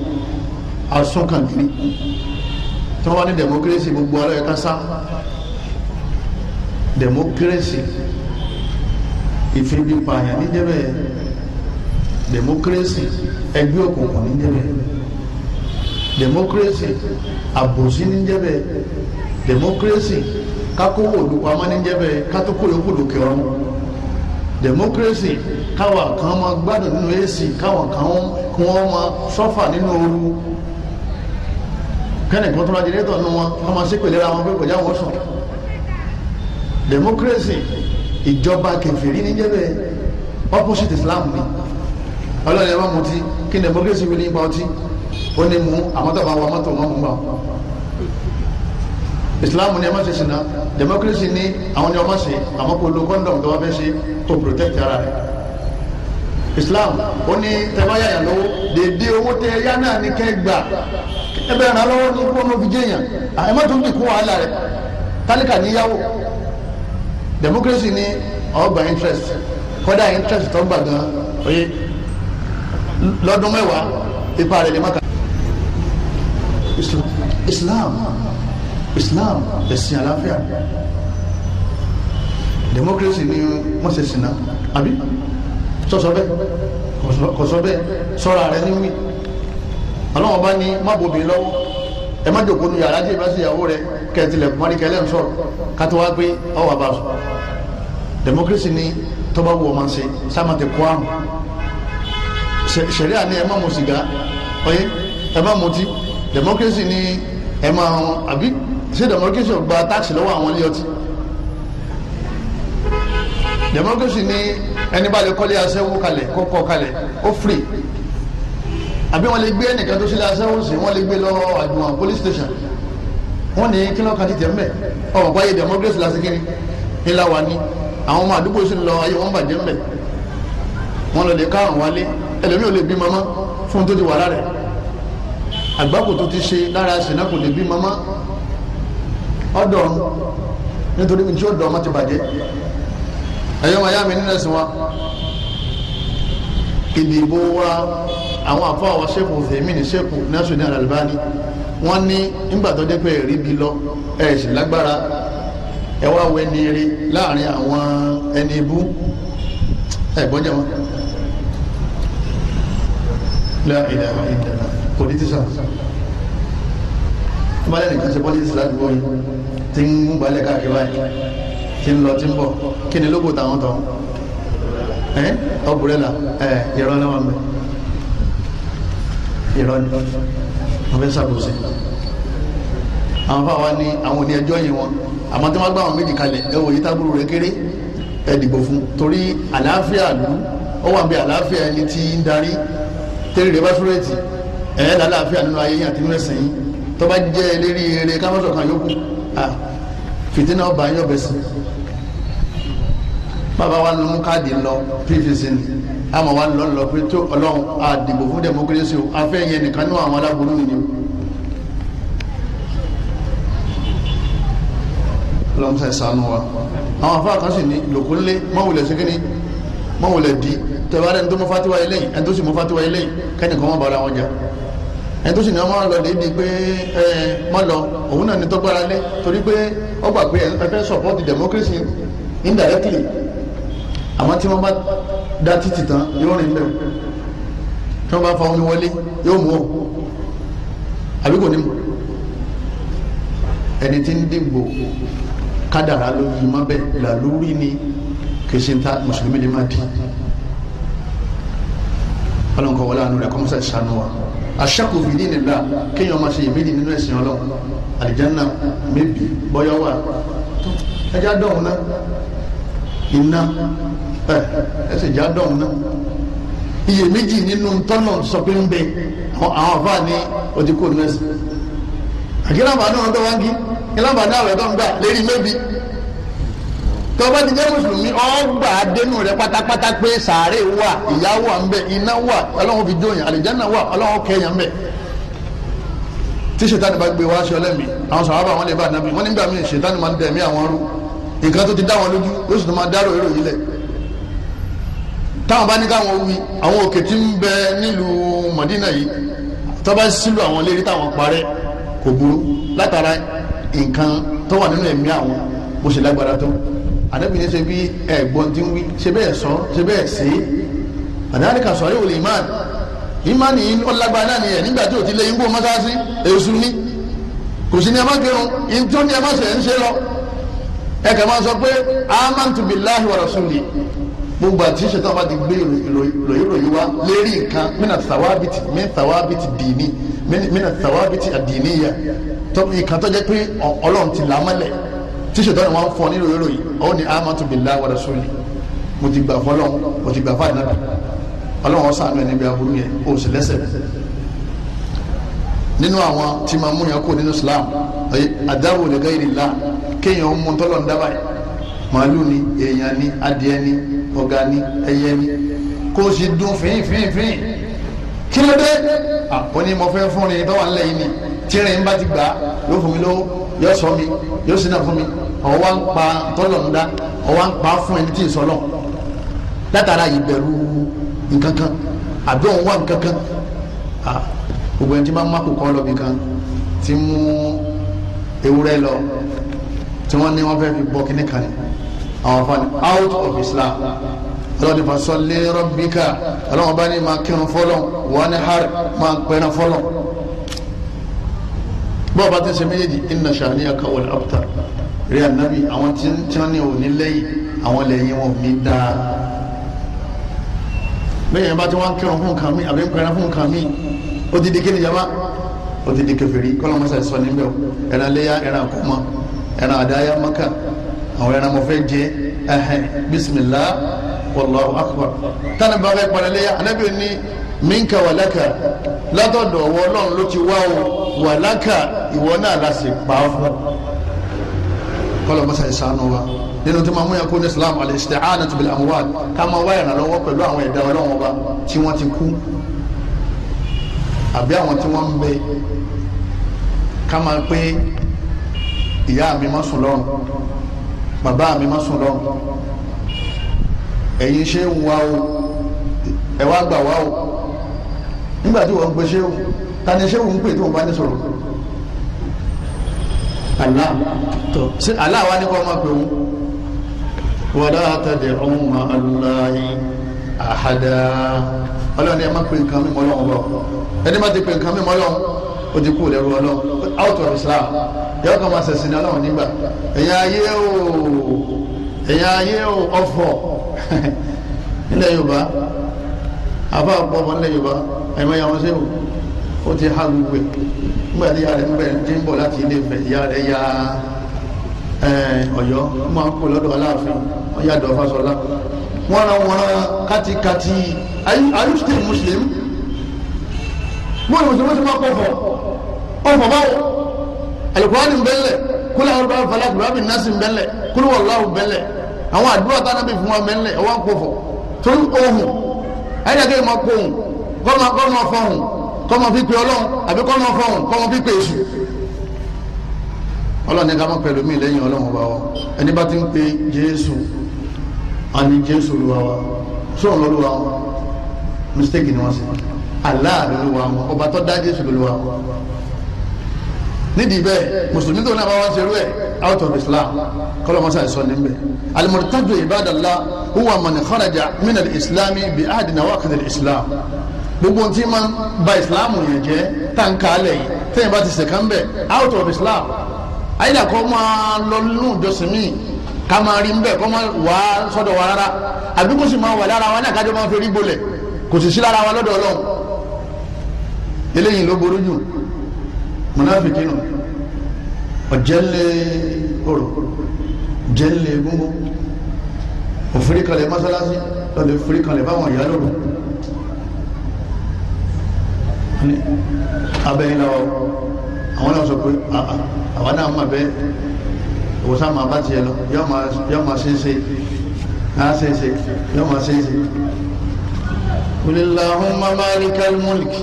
asọ́kàndínní tí wọ́n bá ní democracy gbogbo ara ẹ̀ ká sá democracy ìfẹ́ bí pààyàn níjẹ́ bẹ́ẹ̀ democracy ẹgbẹ́ òkùnkùn ní jẹ́bẹ̀ democracy àbòsí ní jẹ́bẹ̀ democracy kákówó olùpamọ́ ní jẹ́bẹ̀ kátókò yòókù lókè ọ̀run democracy káwa kan máa gbádùn nínú AC káwa kan kí wọ́n máa sọ́fà nínú ooru kẹ́nìkan tó ra jẹ́rẹ́tọ̀ nínú wọn wọ́n máa ṣépèlé ra wọn pé kọjá wọn sùn democracy ìjọba kẹfìrí ní jẹ́bẹ̀ opposite Islam ni ọlọ́run ẹ má mutí kí democracy wí nípa ọtí ó ní mú àwọn wà mọ́tò wọn mú bá islam ni ẹ má ṣe ṣìnà democracy ní àwọn ni ọmọ ṣe àmọ́ kò lo condom tó wá fẹ́ ṣe kò protect ara rẹ̀ islam ó ní tẹ́báyà yà lọ́wọ́ dèdè owó tẹ ẹ̀yà náà ní kẹgbà ẹbẹ̀ ràn án lọ́wọ́ ní kó ló fi jẹ́yàn ẹ má tún dìkú wàhálà rẹ̀ tálíkà níyàwó democracy ní ọgbà interest kọ́dà interest tó gbà gan-an lọ́dún mẹ́wàá ipa rẹ̀ lè má kà. Islam Islam ẹ̀sìn àlàáfíà democracy ni wọ́n ṣe sìn náà àbí sọ̀sọ̀ bẹ́ẹ̀ kọ̀sọ̀ bẹ́ẹ̀ sọ̀rọ̀ ààrẹ ní wí ọlọ́wọ́n bá ní má bòbí lọ́wọ́ ẹ má jòkó nu yàrá jẹ́ ìbáṣe ìyàwó rẹ kẹtìlẹ̀ kùmárì kẹlẹ́ ń sọ̀rọ̀ kátó wá pé ọwọ́ àbá sọ democracy ni tọ́ba wù ọmọ ṣe sáà má ti kó àrùn sẹ̀ríà ni ẹ má mu sìgá ọyẹ ẹ má mutí democracy ni ẹ má wọn àbí ṣé democracy ò gba tax lọ́wọ́ àwọn ilé ọtí democracy ni ẹni bá lè kọ́lé aṣẹ́wó kalẹ̀ kó kọ́ kalẹ̀ ó free àbí wọ́n lè gbé ẹnìkan tó ṣe lé aṣẹ́wó sí wọ́n lè gbé lọ àjùmọ̀ police station wọ́n ní kí lọ́ọ́ kan ti tẹ̀ mbẹ́ ọ̀pọ̀ báyìí democracy la ṣe kiri ńlá wa ní àwọn ọmọ àdúgbò sì ń lọ ayé wọn bàjẹ́ mbẹ́ wọ́n lọ lè ká àwọn wálé ẹlẹ́mi ò lè bí mama fún tó ti wà lára ẹ̀ àgbákò tó ti ṣe lára ṣìnà kò lè bí mama ọ̀dọ̀ nítorí mi tí ó dọ̀ ọmọ ti bàjẹ́ ẹ̀yọ́ màá yá mi nínú ẹ̀sìn wa ìdìbò wa àwọn àfọ àwọn sẹ́kù fèmínì sẹ́kù Nasruddin Al-Albani wọ́n ní nígbà tó dé pé ẹ̀rí bi lọ ẹ̀ sì lágbára ẹ̀ wá wẹ́ni rí láàrin àwọn ẹni ibú ẹ̀ wọn láìlà ìdàlá pòlítísà tó bá lẹ́nu kan ṣe pọ́lítísì ládùúgbò yìí tí ń gbalẹ̀ káàkiri báyìí tí ń lọ tí ń bọ̀ kí ni lóko tàwọn tọ̀ ẹ́ ọ̀bùrẹ́là ẹ̀ ìrọ̀ náà wà mẹ́ ìrọ̀ ni wọ́n fẹ́ sàkóso àwọn fáwọn wa ní àwọn òní ẹjọ́ yìí wọn àmọ́ tí wọ́n gbá àwọn méjì kalẹ̀ ẹ wòye tábúrò rẹ kéré ẹ dìbò fún torí àlàáfíà lù ó wà bí àlàáfíà ẹni tí ń darí tẹ́lẹ̀ rẹ̀ bá súrẹ́ẹ̀tì ẹ̀ lálàáfíà nínú ayé yín àti nínú ẹ̀sìn yín tó bá jẹ́ eléré eré kámọ́sọ̀ kan yókù fìtínà ọba yín ọbẹ̀ sí bàbá wa nínú káàdì ńlọ pvc ni àmọ́ wa ńlọ ńlọ pé tó ọlọ́run àdìbò fún democracy o afẹ́ yẹn nìkan ní àwọn aláboyún ni o ọlọ́run sàánú wa àwọn afáàkásì ní lòkúnlé mọ́wùlẹ̀ sí mọ wọlé di tẹwàá ẹni tó mọ fatiwa yìí lẹ́yìn ẹni tó sì mọ fatiwa yìí lẹ́yìn kẹ́nìkan wọn bára wọn jà ẹni tó sì ní ọmọ lọ débi pé ẹ mọ lọ òun náà ní tọgbára lé torí pé ó gbà pé ẹ fẹ́ support democracy indirectly àmọ́ tí wọ́n bá da títì tán yóò rìn bẹ́ẹ̀ tí wọ́n bá fa omi wọlé yóò mú o àbí kò ní mú ẹni tí ń dìbò kádàrá ló yí má bẹ́ẹ̀ làlúrí ni kì í ṣe ń ta mùsùlùmí lè má di ọlọ́nkọ wọlé àánú rẹ̀ kọ́mọ́sá ìṣàánú wa aṣẹ́kù fìdí nìlá kéèyàn máa ṣe ìmídìí nínú ẹ̀sìn ọlọ́run àlìjánná méjì bọ́yọ́ wà ẹja dọ̀hún náà iná ẹ ẹsẹ̀ ìjà dọ̀hún iye méjì nínú tọ́nà sọ pé ń bẹ àwọn àfáà ní odi kò nẹ́sì àgílábàá náà tó wá ń kí ìlábàá náà rẹ̀ tó ń tọ́ba ti jẹ́ mùsùlùmí ọgbà dénú rẹ pátápátá pé sàárè wà ìyà wà ń bẹ iná wà ọlọ́run fi jóyàn àlìjáná wà ọlọ́run kẹyàn ń bẹ tí sètánì bá gbé wá sí ọlẹ́mì àwọn sàhábà wọn lè bá nàbí wọn nígbà míì sètánì ni ń dẹ̀mí àwọn rú nǹkan tó ti dá wọn lójú ó sì tún máa dárò èrò yìí lẹ̀ táwọn bá ní káwọn wí àwọn òkè tí ń bẹ nílùú Mọ̀dínà yìí tọ́ba sílùú àwọn lérí táwọn parẹ́ kò burú látara nǹkan tó wà nínú ẹ̀mí àwọn bó ṣe lágbára tó anabi ní ṣe bí ẹ̀gbọ́n tí ń wí ṣe bẹ́ẹ̀ sọ ṣe bẹ́ẹ̀ sí àdáríkà sọ̀rọ̀ ìwòlè imán imán yìí ọlágbá náà ni ti lé yín kó mọ́sáàsì ni kò sí ní ẹmá kírun ìtọ́ ní ẹmá sẹ̀ ń ṣe lọ ẹ kà pé amantu billahi wa rasuli gbogbo àti ṣètò àbá ti gbé ìròyìnròyìn wa, lérí nǹkan mina sawabiti mina sawabiti dini, mina sawabiti àdìníyà ìkan tó jẹ́ pé ọlọ́run ti làmọ́lẹ̀ tí ṣètọ́ni wọn fọ nínú ìròyìn yìí ó ní amatu billahi wa rasuli mo ti gbà fọlọ́n mo ti gbà fún àyìnbá ọlọ́run sànú ẹni bí aburú yẹn o sì lẹ́sẹ̀ nínú àwọn tí máa mú yẹn kó nínú Islam adáwò li ghayrillah kéèyàn mú tọ́lọ̀ ń dábàá yìí màálù ni èèyàn ni adìẹ ni ọ̀gá ni ẹyẹ ni kó o sì dún fín fín fín kí ló dé àpò ni mo fẹ́ fún ni tọ́wọ́ ńlẹ̀ yìí ni tí rìn bá ti gbà ló fún mi lówó yóò sọ mi yóò sinna fún mi ọ̀wọ́ wa ń pa tọ́lọ̀ ń dá ọ̀wọ́ wa ń pa fún ẹni tí ì sọlọ̀ látara ìbẹ̀rù nkankan àbí òun wà nkankan gbogbo ẹni tí máa ń má kókó lọ bìkan ti mú ewúrẹ́ lọ tí wọ́n ní wọ́n fẹ́ fi bọ́ kíní kan ní àwọn afáàní out of Islam ọlọ́ni fasọ́lé rọ́bíkà ọlọ́wọ́n bá ní máa kírun fọlọ́ wọ́n ní hàr máa pẹ́ran fọlọ́ bọ́ọ̀ bá ti ṣe méjèèjì inna shani'aka wal abtar rí ànábì àwọn tí wọ́n ní òní lẹ́yìn àwọn lẹ́yìn wọn ò ní dáa lẹ́yìn bá ti wọ́n kírun fún nǹkan mi àbí ń pẹ́ran fún nǹkan mi ó ti di kí ni jama ó ti di kèfèrí kọ́lọ́ mọ́sá sọ níbẹ̀ o ẹran léyà ẹran àkọ́mọ ẹran àdáyà maka àwọn ẹran mọ̀fẹ́ jẹ ẹhẹn bismillah wallahu akbar tani bàbá ìpàdé léyà ànábì ò ní minka walaka látọ̀dọ̀ ọwọ́ ọlọ́run ló ti wá o wàlákà ìwọ náà la pa ọ́ fún kọlọ mọsa ìsànù wa nínú tí ma mú yẹn kó ní islam al-isti'anatu bil amwat ká máa wá ìrànlọ́wọ́ pẹ̀lú àwọn ọba tí ti kú àbí àwọn tí Kama ń bẹ ká máa pé ìyá mi má sùn bàbá mi má sùn nígbà tí wọ́n ń pe ṣéwù ta ni ṣéwù ń pè tó ń bá ní sọ̀rọ̀ Allah tó ṣe Allah wa ni kò máa pè wọ́n. wàlá àtàdé ọ̀hún ma aláì àhàdá ọlọ́run ẹ má pe nǹkan mímọ́ lọ́wọ́ bọ̀ ẹni má ti pe nǹkan mímọ́ lọ́wọ́ o ti kú lẹ́rú ọlọ́run out of Islam yọ kàn máa ṣẹ̀sìn ọlọ́run nígbà ẹ̀yin ayé o ẹ̀yin ayé o ọ̀fọ̀ [LAUGHS] nílẹ̀ Yorùbá àbá àpọ̀ ọmọ nílẹ̀ yorùbá ẹ̀mọ ìyá wọn sẹ́wọ̀n ó ti há gbogbo ẹ̀ nígbà tí ìyá rẹ̀ ń bẹ̀ ń bọ̀ láti ilé Ifẹ̀ ìyá rẹ̀ ya Ọ̀yọ́ máa ń kó lọ́dọ̀ aláàfin ọ̀yá dọ̀fà sọlá wọn ra wọn ra kátikati are you still Muslim mo ní mùsùlùmí ti máa kọ̀ fọ̀ ọ̀fọ̀ báwo alukurani ń bẹ́lẹ̀ kúlẹ̀ àwọn ọ̀dọ́ àfàlà kùrọ̀bì nọ́ọ̀sì ń bẹ́lẹ̀ kúlẹ̀ wọ̀lọ́ọ̀ ń bẹ́lẹ̀ àwọn àdúrà tánàbì fún wa mẹ́lẹ̀ ọwọ́ àpòfọ̀ torí ohun ẹni àti ìmọ̀ pohùn kọ́mọ kọ́mọ fọhùn kọ́mọ pípe ọlọ́run àbí kọ́mọ fọhùn kọ́mọ pípe èṣù ọlọ́run ní ká mọ̀ pẹ̀lú mi lẹ́yìn ọlọ́run bá wa ẹni bá ti ń pe jésù àní jésù olúwa wa sóun lọ́lúwa wa mistake ni wọ́n ṣe aláàlú olúwa wọn ọba tó dá jésù olúwa wọn nídìí bẹ́ẹ̀ mùsùlùmí tó náà bá wá ṣerú ẹ̀ out of islam kọlọmọsá ẹ̀sọ́ níbẹ̀ alimọ̀tàjọ ìbádàlá huwa mọ̀nì kọ́rajà mínà ìsìlámì bí àdìnà wà kàdé ìsìlám gbogbo ohun tí ma ń ba islam yẹn jẹ́ tàǹkà alẹ̀ yìí tẹ́yìn bá ti sẹ̀kán bẹ̀ out of islam àyìnlá kọ́ máa lọ nínú ìjọsìn míì ká máa rí nbẹ̀ kọ́ máa wà sọ́dọ̀ wa rárá àbí kò sì máa wà lára wa náà kájọ́ máa fi rí gbolẹ̀ kò sì sí lára wa lọ́dọ̀ ọlọ́run eléyìí ló borí jù mọ̀nàfíkì nù ọ̀jẹ̀lẹ̀ orò jẹ̀lẹ̀ egungun òfin kalẹ̀ mọ́sálásí lọ́lẹ̀ òfin kalẹ̀ báwọn ìyá lòrò abẹ́yìn lọ́wọ́ àwọn náà sọ pé àwọn náà máa bẹ́ ìwòsàn máa bá tiẹ̀ lọ yọ máa ṣe é ṣe náà ṣe é ṣe yọ مالك الملك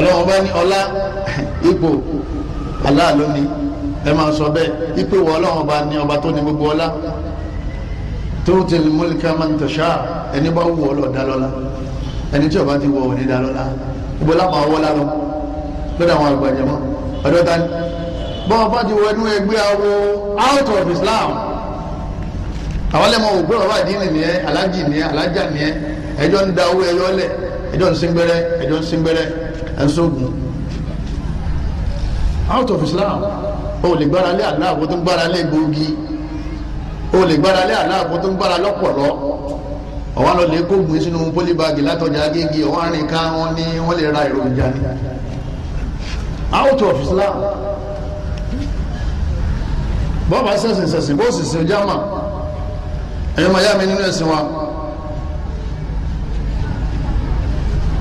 ọlọ́wọ́n bá ní ọlá ipò Allah ló ní ẹ máa sọ bẹ́ẹ̀ ipò wọ ọlọ́wọ́n bá ní ọba tó ní gbogbo ọlá tu'til mulka man tasha' ẹni bá wù ọ lọ dá lọ́lá ẹni tí ọba ti wọ òní dá lọ́lá ìbò lápá ọwọ́ lálọ́ lọ́dọ̀ àwọn àgbàjẹ́ mọ́ ọ̀dọ́ ta ni bọ́ọ̀ bá ti wọ inú ẹgbẹ́ awo out of Islam àwọn lẹ́mọ̀ ògbé bàbá ni nìyẹn alájì nìyẹn alájà nìyẹn ẹjọ́ ń da owó ẹyọ lẹ̀ ẹjọ́ ń síngbẹ́rẹ́ ẹjọ́ ń síngbẹ́rẹ́ ẹ̀sọ́gun out of Islam o lè gbára lé Allah kó tó ń gbára lé gbòógì o lè gbára lé Allah kó tó ń gbára lọ́pọ̀lọ́ ọ̀wọ́n lọ lè kógun sínú pólíbáàgì látọjà gègé ọ̀wọ́n arìn ká wọn ní wọ́n lè ra èròjà ni out of Islam bọ́ọ̀bù sẹ̀sìn sẹ̀sìn bó sì sìn jámà ẹ̀yọ́ màyá mi nínú ẹ̀sìn wa.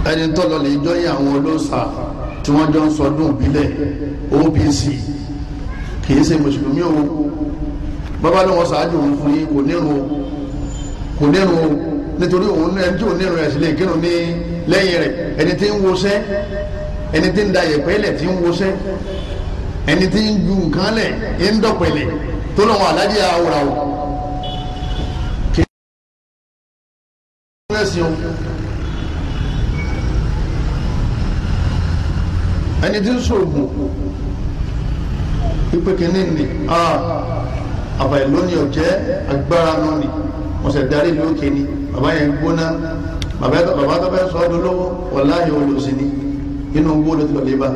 ẹni tó lọ lè jọ́ yẹ àwọn olóòṣà tí wọ́n jọ ń sọdún ìbílẹ̀ OPC kì í ṣe mùsùlùmí o bàbá ni wọn ṣáájú òun fún yín kò nírun kò nírun nítorí òun ẹni tí ò nírun rẹ̀ sílẹ̀ kírun ní lẹ́yìn rẹ̀ ẹni tí ń wọṣẹ́ ẹni tí ń da yẹ̀pẹ̀ lẹ̀ tí ń wọṣẹ́ ẹni tí ń ju nǹkan lẹ̀ ń dọ̀pẹ̀lẹ̀ tó lọ́wọ́ alájẹ́ àwòrán o. ẹni tí ń sòògùn pípé kínní ni àbá ìlónìí ọ̀jẹ́ agbára náà ni wọ́n sì darí ìlú òkè ni bàbá yẹn gbóná bàbá tó fẹ́ sọ ọ́ dolówó wọ́n láàyè olùsìn ni inú owó ló ti lọ lé bá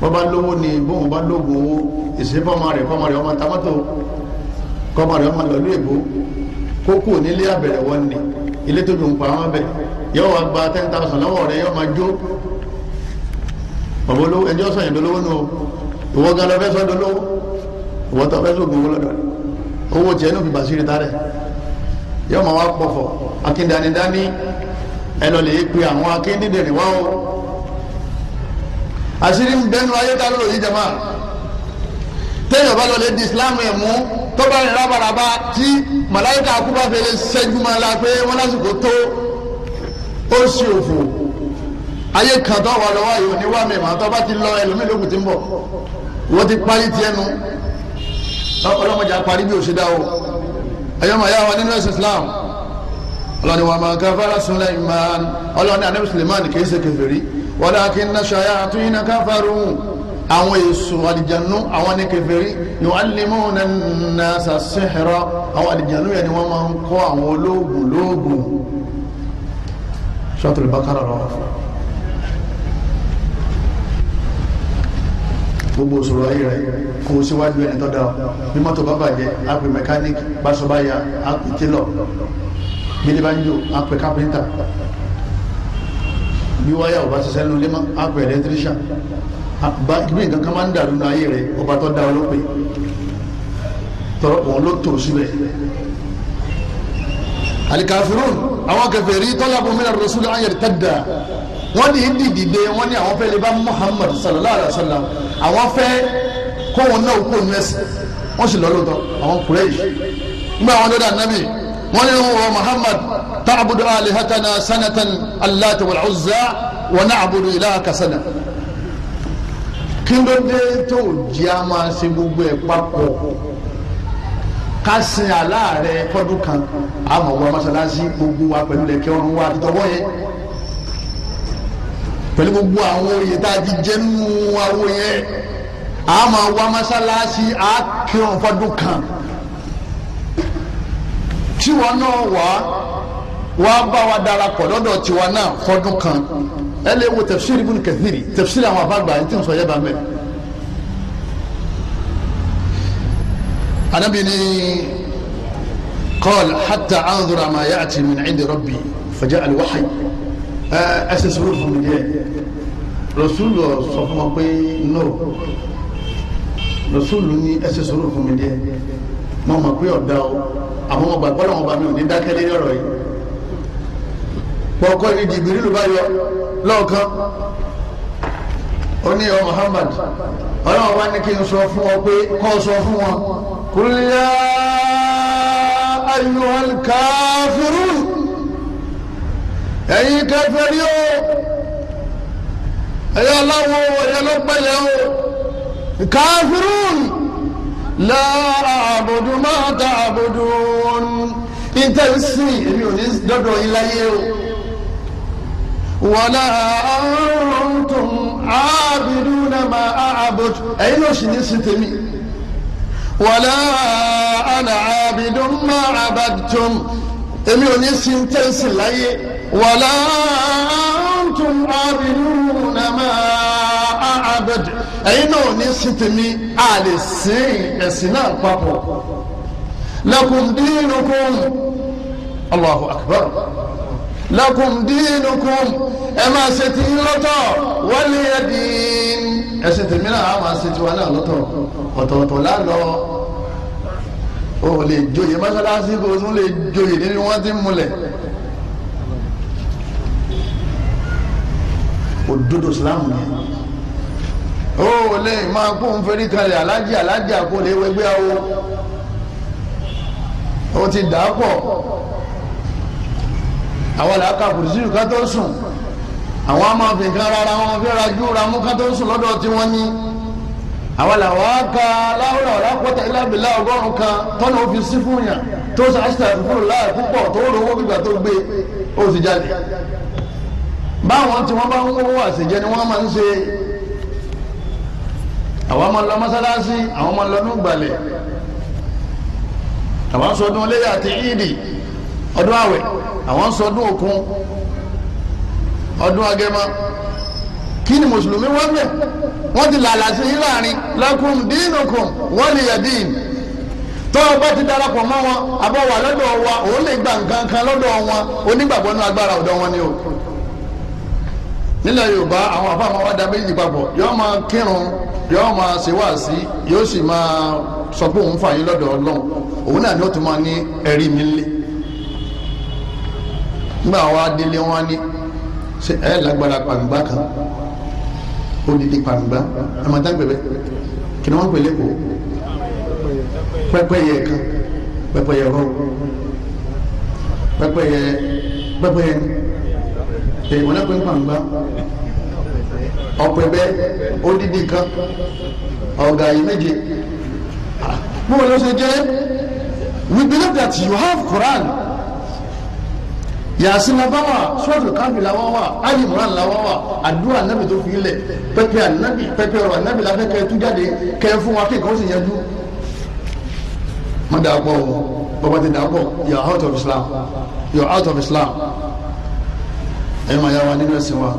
bọ́bá lówó ni bóun bá lóògùn owó ìsìn fọ́mọ rẹ̀ fọ́mọ rẹ̀ ọmọ tamátò kọ́mọ rẹ̀ ọmọ lọ́lú èbó kókó nílé àbẹ̀rẹ̀ wọn ni ilé tó dùn pa wọn bẹ̀ yọ wá gba ten thousand lọ́wọ́ rẹ̀ yọ máa jó bàbá olówó ẹni ọ̀sán yẹn dolówó nù o ìwọ gan lọ fẹ́ sọ dolówó ìwọ tó fẹ́ sọ̀gùn owó lọ́dọ̀ owó tiẹ̀ ní òfìbà sírí tarẹ̀ yóò máa wá pọ̀fọ̀ akíndanidání ẹ lọ lè pe àwọn akíndíndìrín wá o àṣírí ń bẹnu ayé ta lóòrò yìí jama téèyàn bá lọ di Islam ẹ̀ mú tó bá rìn rábaraba tí màláyíká akúbáfẹ́ lè ṣẹ́jú máa la pé wọ́n lásìkò tó ó sì òfò ayé kan tó wà lọ́wọ́ yìí ò ní wà mìíràn tó bá ti lọ ẹlòmíì lókùn tí ń bọ̀ wọ́n ti parí tiẹ̀ nu ọlọ́mọdé àparí bí òṣèdá o ẹ̀yọ́mọ̀ ayé wa nínú ẹ̀sìn Islam ọlọ́ni wa máa káfárá Suleiman ọlọ́ni anabi Suleiman kì í ṣe kèfèrí walakinna shayatina káfárú àwọn èso àlìjánu àwọn ní kèfèrí yu'allimuna an-nasa as-sihra àwọn àlìjánu yẹn ni wọ́n máa ń kọ́ àwọn olóògùn lóògùn Suratul Baqara rọ̀ gbogbo òṣòro ayé rẹ kò síwájú ẹni tó da ọ bí mọ́tò bá bàjẹ́ àpè mẹkáníìkì báṣọ bá ya àpè télọ̀ bílí bá ń jò àpè kápẹ́ńtà bí wáyà ò bá ṣiṣẹ́ nínú ilé mọ́ àpè ẹ̀lẹ́tíríṣà bá ibi nǹkan kan máa ń dàrú nínú ayé rẹ ọba tó da ọ tọrọ òun ló tò síbẹ̀ alikafirun àwọn kèfèrí tọ́lá bùnmí náà rọ̀ṣúlẹ̀ ayẹ̀rẹ̀ tẹ́dà wọ́n ní dìdìde wọ́n ní àwọn fẹ́ lè bá Muhammad sallallahu alayhi wa sallam àwọn fẹ́ kó wọn náà kó nu ẹsẹ̀ wọ́n sì lọ lóòótọ́ àwọn Quraysh nígbà wọn lọ́dọ̀ ànábì wọ́n ní wọn Muhammad ta'budu alihatana sanatan allata wal uzza wa na'budu ilahaka sana kí tó jí a máa ṣe gbogbo ẹ̀ papọ̀ kásìn aláàrẹ fọdún kan àmọ̀ wọn mọ́ṣáláṣí gbogbo wa pẹ̀lú lẹ́kẹ́ ọ̀run wa àtọ́wọ́ yẹn pẹ̀lú gbogbo àwọn oyè tá a ti jẹ́ nínú àwọn oyè a máa wá mọ́sálásí a kírun fọdún kan tiwa náà wá wá bá wa darapọ̀ lọ́dọ̀ tiwa náà fọdún kan ẹ lè wo tafsir ibn kathiri tafsir àwọn àbágbà ẹ ti ń sọ yẹ bá mẹ. anabi ni qala hatta anzura ma ya'ti min 'indi rabbi faja'a al ẹ ṣe sùúrù fún mi díẹ̀ Rasulu sọ fún wọn pé no Rasulu ní ẹ ṣe sùúrù fún mi díẹ̀ mo mọ̀ pé ọ̀dà o àmọ́ mo gbàgbọ́ lọ́wọ́ bá mi ò ní dákẹ́ lé ọ̀rọ̀ yìí pọ̀kọ́ ni jìbìrì ló bá yọ lọ́ọ̀kan ó ní ọ Muhammad ọlọ́run wá ní kí n sọ fún ọ pé kọ́ sọ fún wọn kúlẹ̀ ayọ̀ alkafirun ẹ̀yin kèfèrí o ẹ̀yin aláwọ̀ ẹ̀yin ọlọ́pẹ̀lẹ̀ o káfírùn la àbùdù máa ta àbùdù ìtẹ̀sí èmi ò ní dọ́dọ̀ iláyé o wàlá àrùntùn àbìdù náà máa àbùdù ẹ̀yin ló sì ní sí tèmi wàlá àná àbìdù máa àbàdùn èmi ò ní sí tẹ̀sí láyé wàlá tún abirun nàmà àbẹ̀dẹ̀ ẹ̀yin náà ní sí tèmi a lè sìn ẹ̀sìn náà papọ̀ lakum dinukum Allahu akbar lakum dinukum ẹ máa ṣe ti yín lọ́tọ̀ wọlé ẹdín ẹsẹ tèmi náà á máa ṣe tiwa náà lọ́tọ̀ ọ̀tọ̀ọ̀tọ̀ lálọ o lè joyè mọ́sálásí kò tún lè joyè nínú wọn ti múlẹ̀. òdodo islam yẹn ó lè máa kó ń fẹ́rí kalẹ̀ alájí alájí àkó lè wẹgbẹ́ awo ó ti dà á pọ̀ àwọn làákà kùrìsìrì ká tó sùn àwọn a máa fi nǹkan rárá wọn fi rajú ramú ká tó sùn lọ́dọ̀ tí wọ́n ní àwọn làwọn á ka láwùrọ̀ lápọ̀tà ìlàbìlà ọgọ́rùn kan tọ́nà òfin sí yàn tó sàásìtà fúnra láàyè púpọ̀ tó rówó gbígbà tó gbé ó sì jáde báwọn tí wọ́n bá ń wọ́wọ́ àṣejẹ ni wọ́n máa ń ṣe àwọn máa ń lọ mọ́sálásí àwọn máa ń lọ nígbàlẹ̀ àwọn sọdún léyà àti ìdì ọdún àwẹ̀ àwọn sọdún òkun ọdún agẹmọ kí ni mùsùlùmí wọ́n bẹ̀ wọ́n ti làlàsí yín láàrin lakum dinukum waliya din tó o bá ti darapọ̀ mọ́ wọn àbọ̀ wà lọ́dọ̀ wa òun lè gba nǹkan kan lọ́dọ̀ wọn onígbàgbọ́nú agbára ọ̀dọ̀ wọn ni o nílẹ̀ yorùbá àwọn àfa máa wá da méjì papọ̀ yóò máa kírun yóò máa ṣèwáàsí yóò sì máa sọ pé òun fà yín lọ́dọ̀ ọlọ́run òun náà ni ó tún máa ní ẹ̀rí mi lé nígbà wa délé wọn ní ṣe ẹ lágbára pàǹgbá kan odidi pàǹgbá ẹ máa dágbére kí ni wọ́n pè lẹ́kọ̀ọ́ pẹ́pẹ́yẹ kan pẹ́pẹ́yẹ rọ́ọ̀ pẹ́pẹ́yẹ pẹ́pẹ́yẹ ni èèmọ̀ náà pé ń pàǹgbá ọ̀pẹ̀bẹ odidi kan ọ̀gá yìí méje mo wọ́n lọ ṣe we believe that you have Quran yasina bawa sọ́ọ̀tù káfí la wọ́n wà ali moran la wọ́n wà àdúrà anabi tó fi lẹ̀ pẹpẹ anabi pẹpẹ ọ̀rọ̀ anabi la fẹ́ kẹ́ tú jáde kẹ́ fún wa kéèkó sì yẹn dú mọ̀ dàgbọ́ o bàbá ti dàgbọ́ you are out of Islam you are out of Islam ẹ̀yin máa yá wa nínú ẹ̀sìn wa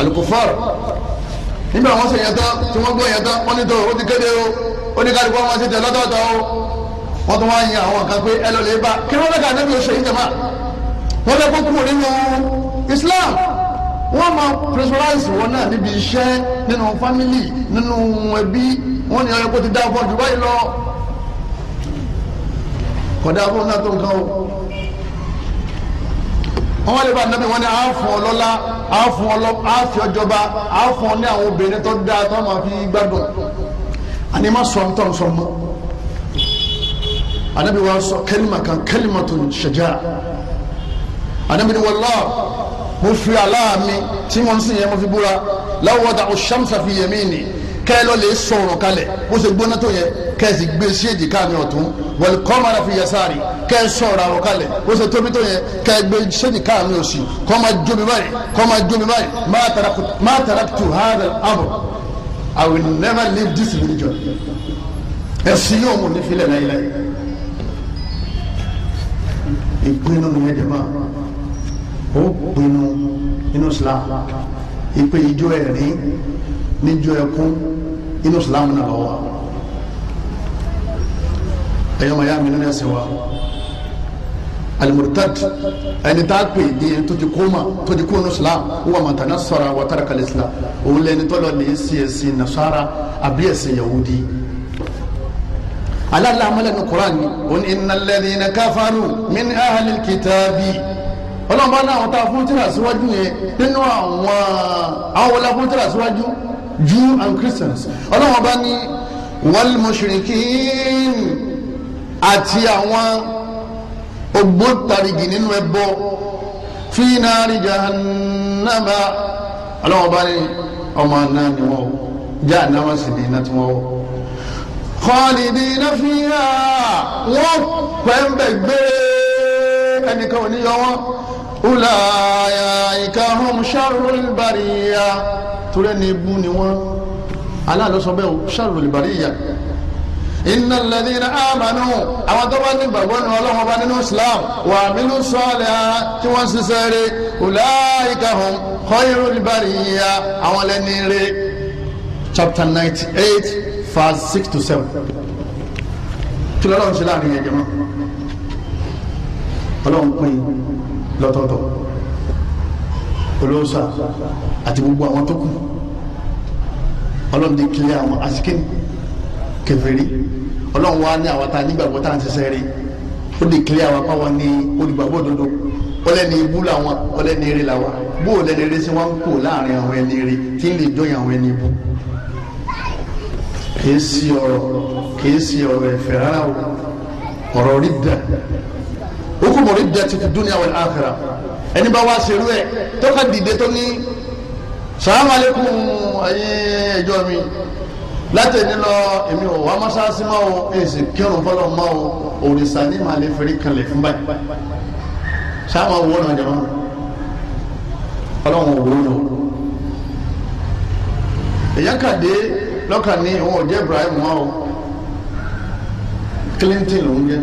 alukufar nígbà wọn ṣe yẹn tán tí wọn gbọ́ yẹn tán wọn ní tó o ti kéde o ó ní kálukú wọn ṣe tẹ lọ́tọ̀ọ̀tọ̀ o wọn tún wáá yin àwọn kan pé ẹ lọ lè bá kí wọn lọ́kà nẹ́bí oṣù yìí jẹ̀má wọn lè kó kúrò nínú Islam wọn máa pressurize wọn náà níbi iṣẹ́ nínú family nínú ẹbí wọn ni ọ̀yọ́ kó ti dá ọkọ̀ jù báyìí lọ kọ̀dá fún náà tó nǹkan o wọ́n wá lè bá nàbí wọn ni àá fún ọ lọ́lá àá fún ọ lọ́ àá fi ọjọba àá fún ọ ní àwọn obìnrin tó dáa tó máa fi gbádùn àní má sọ ntọ́ nsọ mọ́ anabi wa sọ kẹlima kan kẹlima tó ṣẹjá anabi ni wàllá mo fi aláàmì tí mo ń sìn mo fi búra láwùwọ́dà ọ̀ṣàmùsàfì yẹmí ni kẹ́ ẹ lọ lè sọ ọ̀rọ̀ kalẹ̀ bó yẹ kẹ́ ẹ sì gbé sí èjìká mi fi yẹ sáàrì kẹ́ ẹ sọ ọ̀rọ̀ àwọn kalẹ̀ bó yẹ kẹ́ ẹ gbé sí èjìká mi òsì kọ́mọ jómi báyìí kọ́mọ jómi báyìí má taraktu hada amr I will never leave this religion ẹ̀sìn yóò mú ní filẹ̀ láyé láyé ìpinnu nìyẹn jẹ máa ó pinnu inú Islam ìpè ìjọ ẹ̀rín níjọ ẹkún inú sùlámù náà wà ẹ̀yọ́ màá yá mi nínú ẹ̀sìn wa alimurtad ẹni tá a pè ní ẹni tó ti kó ma tó ti kó nu islam wọ́n ma tana sọ̀rọ̀ àwọn tara kalẹ̀ islam òun lẹ́ni tọ́lọ̀ ní cnc nasara àbí ẹ̀sìn yahudi. alala amalẹ nu ni òun iná lẹ́ni iná káfáàrù min ahalil kitabi ọlọ́mọba náà wọ́n ta fún tíra síwájú yẹn nínú àwọn àwọn wọlé fún tíra síwájú. Jew and Christians ọlọ́wọ́n bá ní wal mushrikin àti àwọn ògbóntarìgì nínú ẹbọ fi nari jahannama ọlọ́wọ́n bá ní ọmọ náà ni wọ́n jahannama sì ní iná tí wọ́n wọ́ khalidina fiha wọ́n pẹ́ńbẹ̀ gbé ẹnìkan ò ní hum sharrul bariyah torí ẹni ibú ni wọ́n aláàlọ́sọ bẹ́ẹ̀ o sharrul bariyya inna alladhina amanu àwọn tó bá ní gbàgbọ́ ní ọlọ́wọ́n bá nínú islam wa amilu salihat tí wọ́n ṣiṣẹ́ rẹ̀ ulaika hum khayrul bariyya àwọn lẹ́ni rẹ̀ chapter ninety eight verse six to seven kí lọ́lọ́run ṣe láàrin yẹn jẹ́mọ́ ọlọ́run pín in lọ́tọ̀ọ̀tọ̀ olóòṣà àti gbogbo àwọn tó kù ọlọ́run ti kílẹ̀ àwọn asikin kèfèrí ọlọ́run wa ní àwọn tá a nígbàgbọ́ tá a ń ṣiṣẹ́ rí ó di kílẹ̀ àwọn apá wa ní olùgbàgbọ́ òdodo ọlẹ́ni ibú làwọn ọlẹ́ni eré làwọn bó ọlẹ́ni eré sí wọn ń kó láàrin àwọn ẹni eré tí ń lè jọyìn àwọn ẹni ibú kìí sí ọ̀rọ̀ kìí sí ọ̀rọ̀ ẹ̀fẹ̀ rárá o ọ̀rọ̀ rí dà ó mọ̀ rí dà ti fi dúnìá wal àkhírà ẹni bá wá ṣerú ẹ̀ tọ́ka dìde tó ní salamu aleykum ẹ̀yin ẹjọ mi láti ẹni lọ èmi ò wá mọ́ṣáláṣí máa wo èsì kírun fọlọ́ máa wo òrìṣà ní màálé fèrè kanlẹ̀ fún báyìí sáwọn owó náà jẹ wọn ọlọ́run owó náà èyàn kàdé lọ́kàn ní òun ò jẹ́ Ibrahim wọn o Clinton lòún jẹ́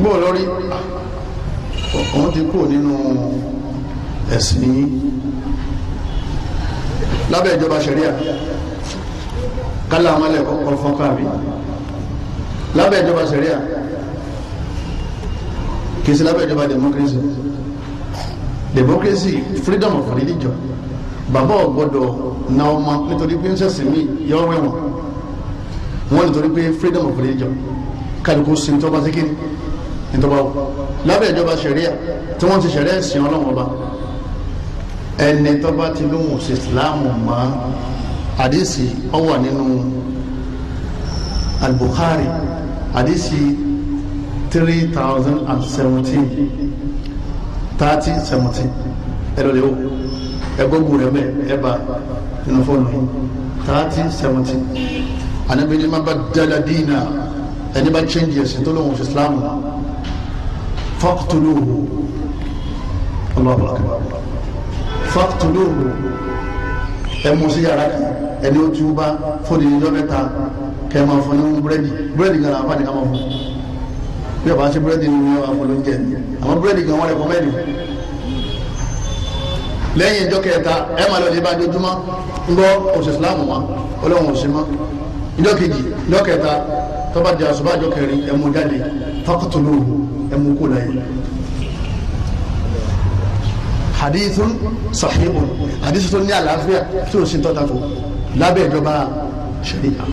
gbọ́ lórí òun ti kú nínú. No ẹ̀sìn yín lábẹ́ ìjọba ṣẹ̀ríà kálá àwọn alẹ́ kọ́kọ́ fọ́n káàbí lábẹ́ ìjọba ṣẹ̀ríà kìí sí lábẹ́ ìjọba democracy democracy freedom of religion bàbá ò na ọmọ nítorí pé ń ṣẹ̀sìn mí yọ wẹ̀wọ̀n wọn nítorí pé freedom of religion kálukú sin tó bá sí kiri ní tó bá wù lábẹ́ ìjọba ṣẹ̀ríà tí wọ́n ti ṣẹ̀ríà ẹ̀sìn ọlọ́wọ́n ọba ẹni tó bá ti lóhùn sí islamu mọ́ àdìsí ó wà nínú al-Bukhari àdìsí three thousand and seventeen thirty seventeen ẹ̀rọ lè wò ẹgbọ́gbù rẹ̀ mẹ́ ẹ bá nínú fóònù yìí thirty seventeen anabi ni ma ba dala diina ẹni bá change ẹ̀sìn tó lóhùn sí islamu faqtuluhu Allahu akbar faqtuluhu ẹ mú sí yàrá kan ẹni ó tún bá fóde ìjọ mẹ́ta kẹ máa fún ní búrẹ́dì búrẹ́dì kan àfa nìkan máa fún bí ọba ṣe búrẹ́dì ni wọn máa fún lóúnjẹ àmọ́ búrẹ́dì kan wọn lè fọ mẹ́rin lẹ́yìn ìjọ kẹta ẹ máa lọ lè bá ń gbọ́ oṣù islam wa ọlọ́run ò sí mọ́ ìjọ kejì ìjọ kẹta tọ́ba di àṣùbà ìjọ kẹrin ẹ mú jáde faqtuluhu ẹ mú láyé hadithun sahihun hadith tó ní àlàáfíà tí ò sí tọ́ta kó lábẹ́ ìjọba ṣẹ̀ríà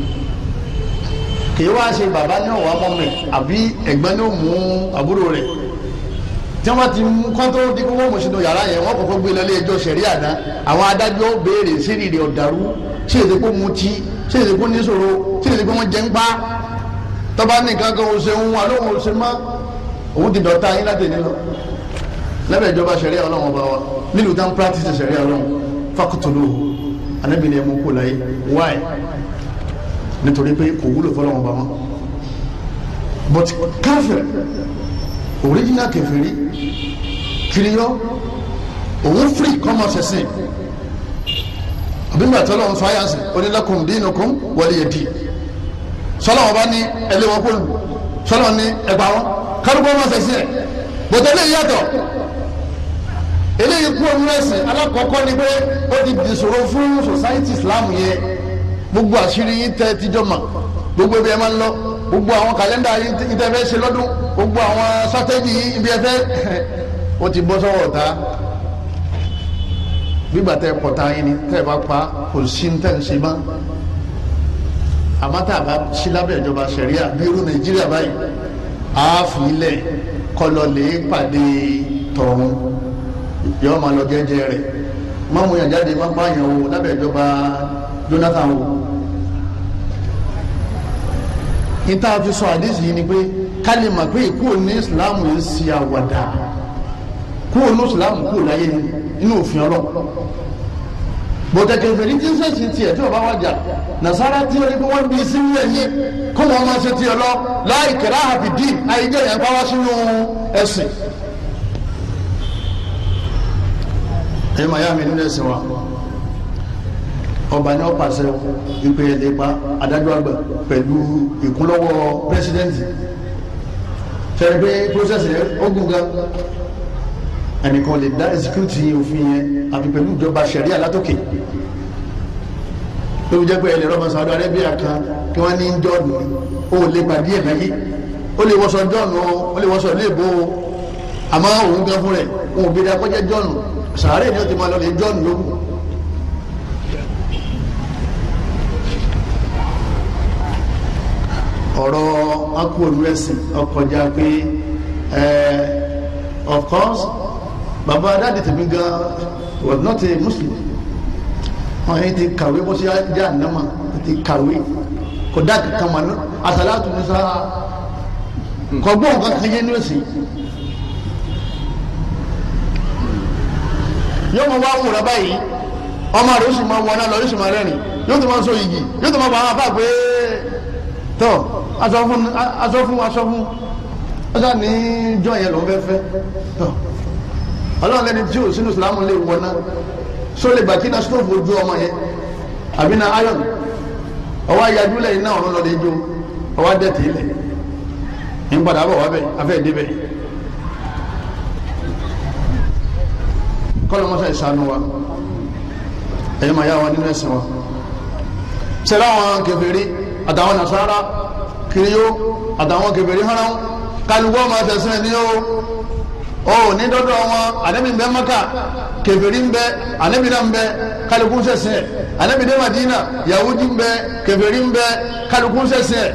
kì í wá ṣe bàbá ní ọ̀wá mọ́mì àbí ẹ̀gbọ́n ní òmù àbúrò rẹ̀ tí wọ́n ti mú kọ́ńtò di kó wọ́n mú sínú yàrá yẹn wọ́n kọ́kọ́ gbé lọ ilé ẹjọ́ ṣẹ̀ríà náà àwọn adájọ́ béèrè sí rírì ọ̀dàrú ṣé èdè kó mutí ṣé èdè kó níṣòro ṣé èdè kó wọ́n jẹ́ ń pa tọ́ba nìkan kan ò ṣe ń wọn àlóhùn ò ṣe mọ́ òun ti dọ̀tá yín láti lọ lábẹ́ ìjọba sẹ̀ríà ọlọ́run ọba wa nílùú tán practice sẹ̀ríà ọlọ́run fakutulu anabi ni ẹmu kò láyé why nítorí pé kò wúlò fọlọ́run ọba wọn but káfíìn original kẹfìrí kiriyọ òun free commerce ẹ̀sìn àbígbà tí ọlọ́run sọ ayé àṣẹ onílẹ̀kùn dínukum wọlé yẹ di sọlá ọba ní ẹlẹ́wọ̀n kò lù sọlá ní ẹgbàá wọn kálukú ọmọ ṣẹṣẹ bọ̀dọ̀ lè yàtọ̀ eléyìí kú òun ẹsẹ̀ alákọ̀ọ́kọ́ ni pé ó ti dìṣòro fún society Islam yẹn gbogbo àṣírí yín tẹ́ tíjọ́ mọ̀ gbogbo ibi ẹ máa ń lọ gbogbo àwọn kàlẹ́ndà yín tẹ́ fẹ́ ṣe lọ́dún gbogbo àwọn sátẹ́jì yín ibi ẹ fẹ́ [LAUGHS] ó ti bọ́ sọ́wọ́ ọ̀tá gbígbà tẹ́ pọ̀tá yín ni tẹ́ bá pa kò sí ní tẹ́ ń ṣe mọ́ àmọ́ bá sí lábẹ́ ìjọba ṣẹ̀ríà bí irú Nàìjíríà báyìí àáfin ilẹ̀ kọlọ̀ lè pàdé tọ̀hún yọọ máa lọ jẹ́jẹ́ rẹ̀ má mú yàn jáde má bá yàn wò lábẹ́ ìjọba Jonathan wò. níta fi sọ àdéhùn yìí ni pé ká lè mọ̀ pé ìkú òní ìsìláàmù ń ṣe àwàdà kú òní ìsìláàmù kú láyé nínú òfin ọlọ́run bọ̀dẹ̀kẹ̀ fèrè tí ń sẹ̀sìn tiẹ̀ tí o bá wájà nasara tí o ní kó wọ́n bí i sínú ẹ̀yìn kó wọ́n máa ṣe tiẹ̀ lọ láì kẹ̀rẹ́ àbìdí àyíjẹ́ yẹn bá wá sínú ẹ̀sìn. ẹ̀yin màá yá mi nínú ẹ̀sìn wa ọba ní ọ̀pàṣẹ ìpè ẹ̀lẹ́pà adájọ́ àgbà pẹ̀lú ìkúnlọ́wọ́ pírẹsidẹ́ǹtì fẹ́ẹ́ pé prọ́sẹ̀sì rẹ̀ ó gùn gan ẹnìkan lè dá ẹsikúùtì òfin yẹn àfi pẹ̀lú ìjọba sẹ̀ríà látòkè lórí jẹ́ pé ẹ̀lẹ́ rọ́mọ sàdọ́ arábíà kan kí wọ́n ní jọ́ọ̀nù ó lè pàdé ẹ̀ láyé ó lè wọ́sọ̀ jọ́ọ̀nù ó lè wọ́sọ̀ ilé ìbò àmọ́ òun gan fún rẹ̀ òun ò bí dákọ́jẹ́ jọ́ọ̀nù sàárè ni ó ti máa lọ lè jọ́ọ̀nù lókun. ọ̀rọ̀ akóòlù ẹ̀sìn pé of course bàbá adáde tèmi gan was not a muslim wọn yẹn ti kàwé bó ṣe jẹ́ ànámà ti kàwé kò dá kankan mọ́ àṣàlá tó ní sáà kọ́gbọ́n kankan yẹn ní ẹ̀sìn. yóò mọ wá wùrà báyìí ọmọ rẹ̀ ó sì máa wọná lọ yóò sì máa rẹ́rìn yóò tó máa so igi yóò tó máa bọ̀ àwọn afá pé tọ aṣọ fún aṣọ fún aṣọ fún aṣọ ní jọ yẹn lòún fẹ́ẹ́ fẹ́ ọlọ́run lẹni tí ò sínú ìsìlámù lè wọná só lè gbà kí ojú ọmọ yẹn àbí na iron ọwọ́ ayájú lẹ́yìn náà ọ̀run lọ́ọ́ lè jó ọwọ́ adẹ́tì ilẹ̀ ń padà bọ̀ wá bẹ́ẹ̀ afẹ́ ìdíbẹ̀ yìí. kọ́lọ́ mọ́sá ìsànú wa ẹ̀yẹ́ màá yá wa nínú ẹ̀sìn wa sẹ́lá àwọn kèfèrí àtàwọn nasara kiriyó àtàwọn kèfèrí hàn án kálukú ọmọ ẹ̀sìn ní o ó ní dọ́dọ̀ wọn ànábì ń bẹ Mákà kèfèrí ń náà ń bẹ kálukú sẹ̀sìn ẹ̀ Madina Yahudi ń bẹ kèfèrí ń bẹ kálukú sẹ̀sìn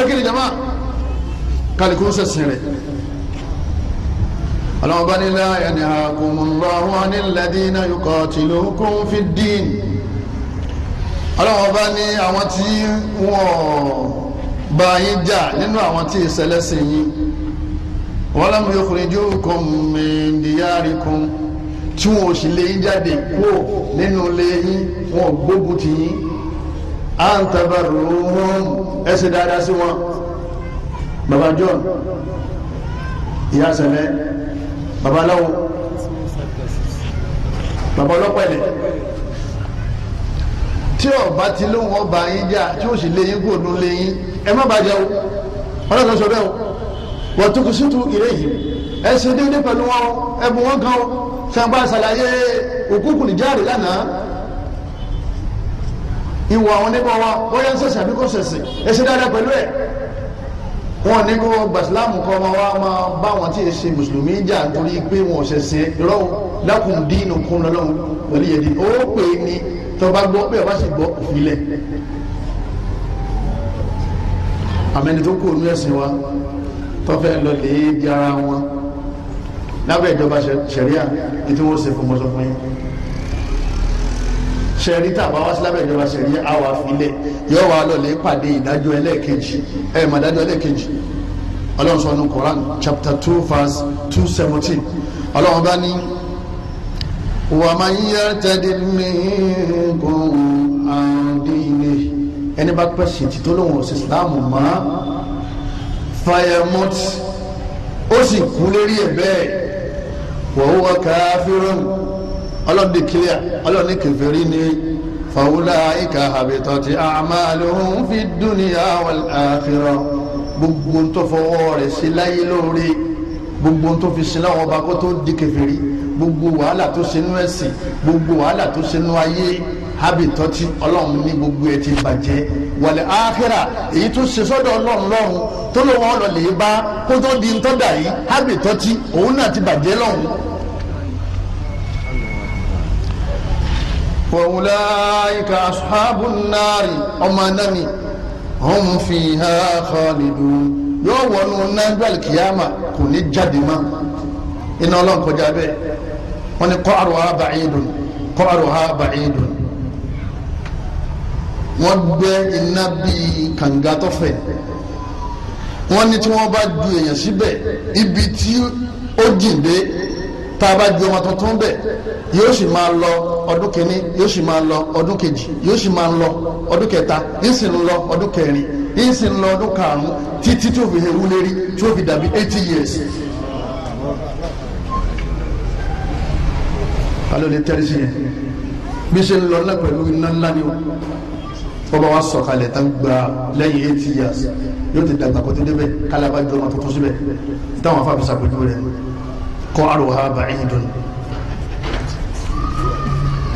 ẹ̀ jama kálukú sẹ̀sìn rẹ̀ ọlọ́run bá ní la yanhakumullahu anil ladina yuqatilukum fid din ọlọ́run bá ní àwọn tí wọ́n bá yín jà nínú àwọn tí ìṣẹ̀lẹ̀ sí yín wọ́n lam yukhrijukum min diyarikum tí wọn sì lé yín jáde kúrò nínú ilé yín wọn gbógun tì yín à ń tabarò wọn ẹ dáadáa sí wọn baba john ìyá sẹlẹ babaláwo baba ọlọ́pẹ̀lẹ̀ tí ọba ti lóhùn ọba yín jà tí ó sì léyìn gbòòdùn léyìn ẹ má bàjẹ́ o ọlọ́kan sọ bẹ́ẹ̀ o wọ́n tún kù sítú ìrẹ́ yìí ẹ ṣe déédéé pẹ̀lú wọn o ẹ bù wọn gan o sàǹgbà ṣàlàyé òkúkùn ìjáàrí lánàá ìwà àwọn onígbọ̀wọ́ bóyá ń ṣẹ̀ṣẹ̀ àbí kò ṣẹ̀ṣẹ̀ ẹ ṣe dáadáa pẹ̀lú ẹ̀ wọn ní kó gbàsílámù kọ́ ma wá máa bá wọn tí ì ṣe mùsùlùmí jà nítorí pé wọn ò ṣe ṣe irọ́ lákùn dínú kún lọ́lọ́run pẹ̀lú yẹ̀dí ó pè é ní tọba gbọ́ pé ọba sì gbọ́ òfin lẹ̀ àmẹ́ni tó kú ònú ẹ̀sìn wa tọ́fẹ́ lọ lè di ara wọn lábẹ́ ìjọba ṣẹ̀ríà ètò wọn ṣe fọmọṣọ fún yín sẹ̀rí tàbá wá sí lábẹ́ ìjọba sẹ̀rí àwa filẹ̀ yọ wà lọ́lẹ̀ pàdé ìdájọ́ ẹlẹ́ẹ̀kejì ẹ̀ mà dájọ́ ẹlẹ́ẹ̀kejì ọlọ́run sọ ní chapter two verse two seventeen ọlọ́run bá ní wàmà yíyá tẹ́lẹ̀ mẹ́kùn àdínlé ẹni bá pẹ́ ṣètì tó lóun ọ̀sẹ̀ ìsìláàmù mọ́ fayemot ó sì kú lérí ẹ̀ bẹ́ẹ̀ wọ́n wọ́n káfíràn ọlọ́run di clear ọlọ́run ní kèfèrí ni fawulaika habitati a'maluhum fid dunya wal akhirah gbogbo tó fọwọ́ rẹ̀ sí láyé lóore gbogbo tó fi sin láwọn ọba kó tó di kèfèrí gbogbo wàhálà tó sinú ẹ̀sìn gbogbo wàhálà tó sinú ayé habitati ọlọ́run ní gbogbo ẹ̀ ti bàjẹ́ wal akhirah èyí tó ṣe sọ́dọ̀ ọlọ́run lọ́run tó lọ́wọ́ ọlọ́lẹ̀ وأولئك أصحاب النار أمانني هم فيها خالدون yóò wọnú nàgbàlì kìyàmà kò ní jáde mọ́ iná ọlọ́run kọjá bẹ́ẹ̀ wọ́n ní kọ́ àrùhà bàáyédùn kọ́ àrùhà bàáyédùn wọ́n gbẹ́ iná bíi kànga tọ́fẹ̀ wọ́n ní tí wọ́n bá ju èèyàn síbẹ̀ ibi tí ó jìn dé tá a bá di ọmọ tuntun bẹ̀ yóò sì máa lọ ọdún kìíní yóò sì máa lọ ọdún kejì yóò sì máa lọ ọdún kẹta yóò sì ń lọ ọdún kẹrin yóò sì ń lọ ọdún karùn títí tí ó fi hewu lérí tí ó fi dàbí eighty years. alo le tẹ́lẹ̀ sí yẹn bí ṣe ń lọ ńlá pẹ̀lú iná ńlá ni o ọba wa sọ kalẹ̀ tá gba lẹ́yìn eighty years yóò ti dàgbà kó tó débẹ̀ kálábàjọ́ ọmọ tuntun síbẹ̀ táwọn afáfisà pẹ̀lú rẹ̀ qa'ruha ba'idun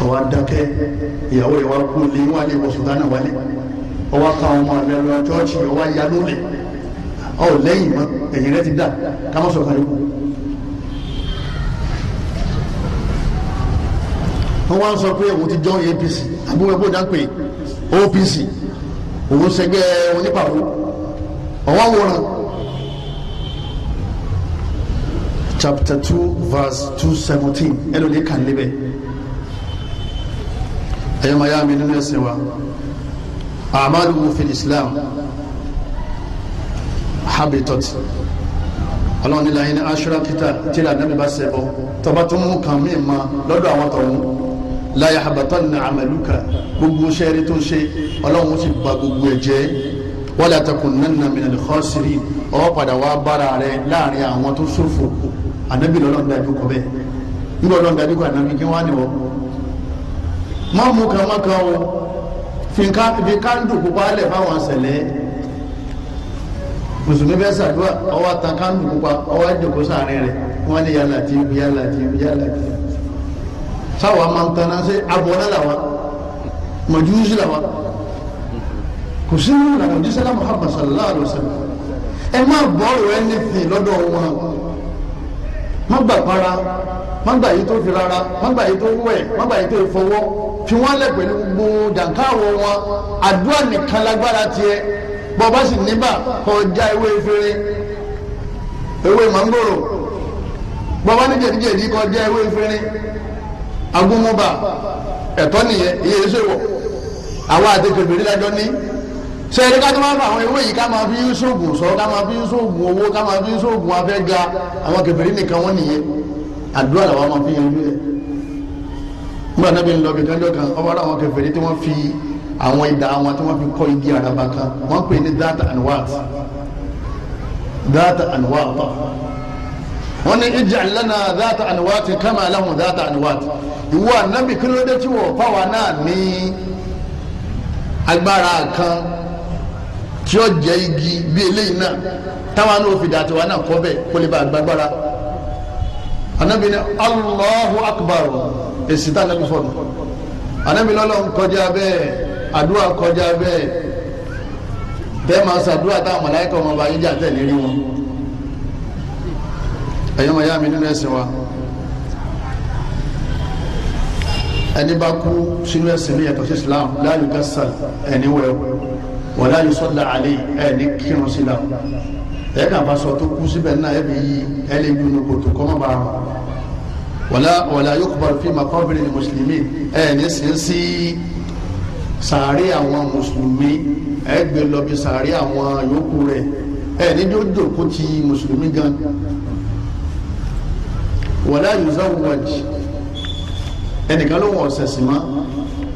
ọwọ́ adákẹ́ ìyàwó ìwà kú lé wà lè wọ̀sùn gánà wálé ọwọ́ ká ọmọ rẹ lọ jọ́ọ̀jì ọwọ́ ya lólè ọ lẹ́yìn mọ́ ẹ̀yìn rẹ ti dà ká má sọ̀rọ̀ kálukú. wọ́n wá sọ pé ti jọ́ APC àbúrò ẹgbẹ́ òdà ń pè OPC òun ṣẹgbẹ́ onípàwọ́ ọwọ́ wòran. chapter two verse two seventeen ẹ ló lè kàn níbẹ̀ ẹ̀yọ́ mi nínú ẹ̀sìn wa amalu mufin islam habitat ọlọ́run nílá yín ní aṣọ́rakítà tí ìlànà mi bá ṣe bọ́ tọba tó mú kan mí ma lọ́dọ̀ àwọn tọ̀hún láyé habatanna amaluka gbogbo sẹ́ẹ̀rí tó ṣe ọlọ́run ti ba gbogbo ẹ̀ jẹ́ wala takunanna minal khasirin ó padà wá bára rẹ̀ láàrin àwọn tó ṣòfò anabi lọ́lọ́ dájú kọ bẹ́ẹ̀ nígbà lọ́lọ́ dájú kọ anabi kí wọ́n á nìwọ́ má mú kan má kan o fi kándù pupa lẹ̀ fáwọn sẹ̀lẹ̀ mùsùlùmí bẹ́ẹ̀ sàdúrà ọwọ́ atan kándù pupa ọwọ́ ẹ̀jọ̀kọ́ sàárín rẹ̀ wọ́n ní yàrá tí yàrá tí yàrá tí sáwọn máa ń tanná sí abọ́lá làwọn mọ̀júúsí làwọn kò sí nínú ìlànà òjíṣẹ́lá Muhammad sallallahu alayhi wa sallam ẹ má bọ́ọ̀rọ̀ ẹni fi lọ́dọ̀ wọn má gbà para má gbà yìí tó fi rárá má gbà yìí tó wẹ̀ má gbà yìí tó fọwọ́ fi wọ́n lẹ̀ pẹ̀lú gbogbo jàǹkáàwọ̀ wọn àdúrà nìkan lágbára tiẹ̀ bọ́ọ̀bá sì níbà kọjá ewé fèrè ewé mangoro bọ́ọ̀bá ní jẹ̀díjẹ̀dí kọjá ewé fèrè agúnmọ́ba ẹ̀tọ́ nìyẹn iye èso ìwọ̀ àwa àti kẹfìrí lájọ ní ṣe ẹni ká tó máa ń fa àwọn ewé yìí ká máa fi ṣoògùn sọ ká máa fi ṣoògùn owó ká máa fi ṣoògùn afẹ́ga àwọn kẹfìrí nìkan wọ́n nìyẹn àdúrà làwọn máa fi yanjú ẹ̀ nígbà náà bí n lọ kẹkẹ́ lọ́kàn ọba àwọn kẹfìrí tí wọ́n fi àwọn ìdá wọn tí wọ́n fi kọ́ igi àràbà kan wọ́n pè ní data and wat data and wat wọ́n ní ij'al lana data and wat kama lahum data and wat ìwọ ànábì kí ló dé tí wọ́n fáwa náà ní agbára kan tí ó jẹ́ igi bí eléyìí náà táwọn náà fi dàtí wa náà kọ́ bẹ́ẹ̀ kó lè bá agbára anabi ni Allahu akbar èsì tá anabi fọdù anabi lọ́lọ́ nkọjá bẹ́ẹ̀ àdúrà kọjá bẹ́ẹ̀ bẹ́ẹ̀ máa sàdúrà táwọn mọ̀láyìkà ọmọ bá yíjà tẹ̀lé rí wọn ẹ̀yọ́ mọ̀ yá mi nínú ẹ̀sìn wa ẹni bá kú sínú ẹ̀sìn mi yàtọ̀ sí Islam láàyò gásà ẹni wẹ̀ wọ́n láyé sọ́dà àlẹ́ ẹ̀ ní kírun sí la ẹ̀ kàn bá sọ tó kú síbẹ̀ náà ẹ̀ bẹ̀ yí ẹ̀ lè gbin ní kòtò kọ́mọ́ bá wọn. wọ́lá wọ́lá yóò kúbọ̀ fi máa kọ́bìnrin ní mùsùlùmí ẹ̀ ní sin sí sàárè àwọn mùsùlùmí ẹ̀ gbé lọ bí sàárè àwọn yòókù rẹ̀ ẹ̀ ní yóò jòkó ti mùsùlùmí gan. wọ́lá yóò sáwọ́ wájú ẹnìkan ló wọ̀ ọ̀sẹ̀ sí máa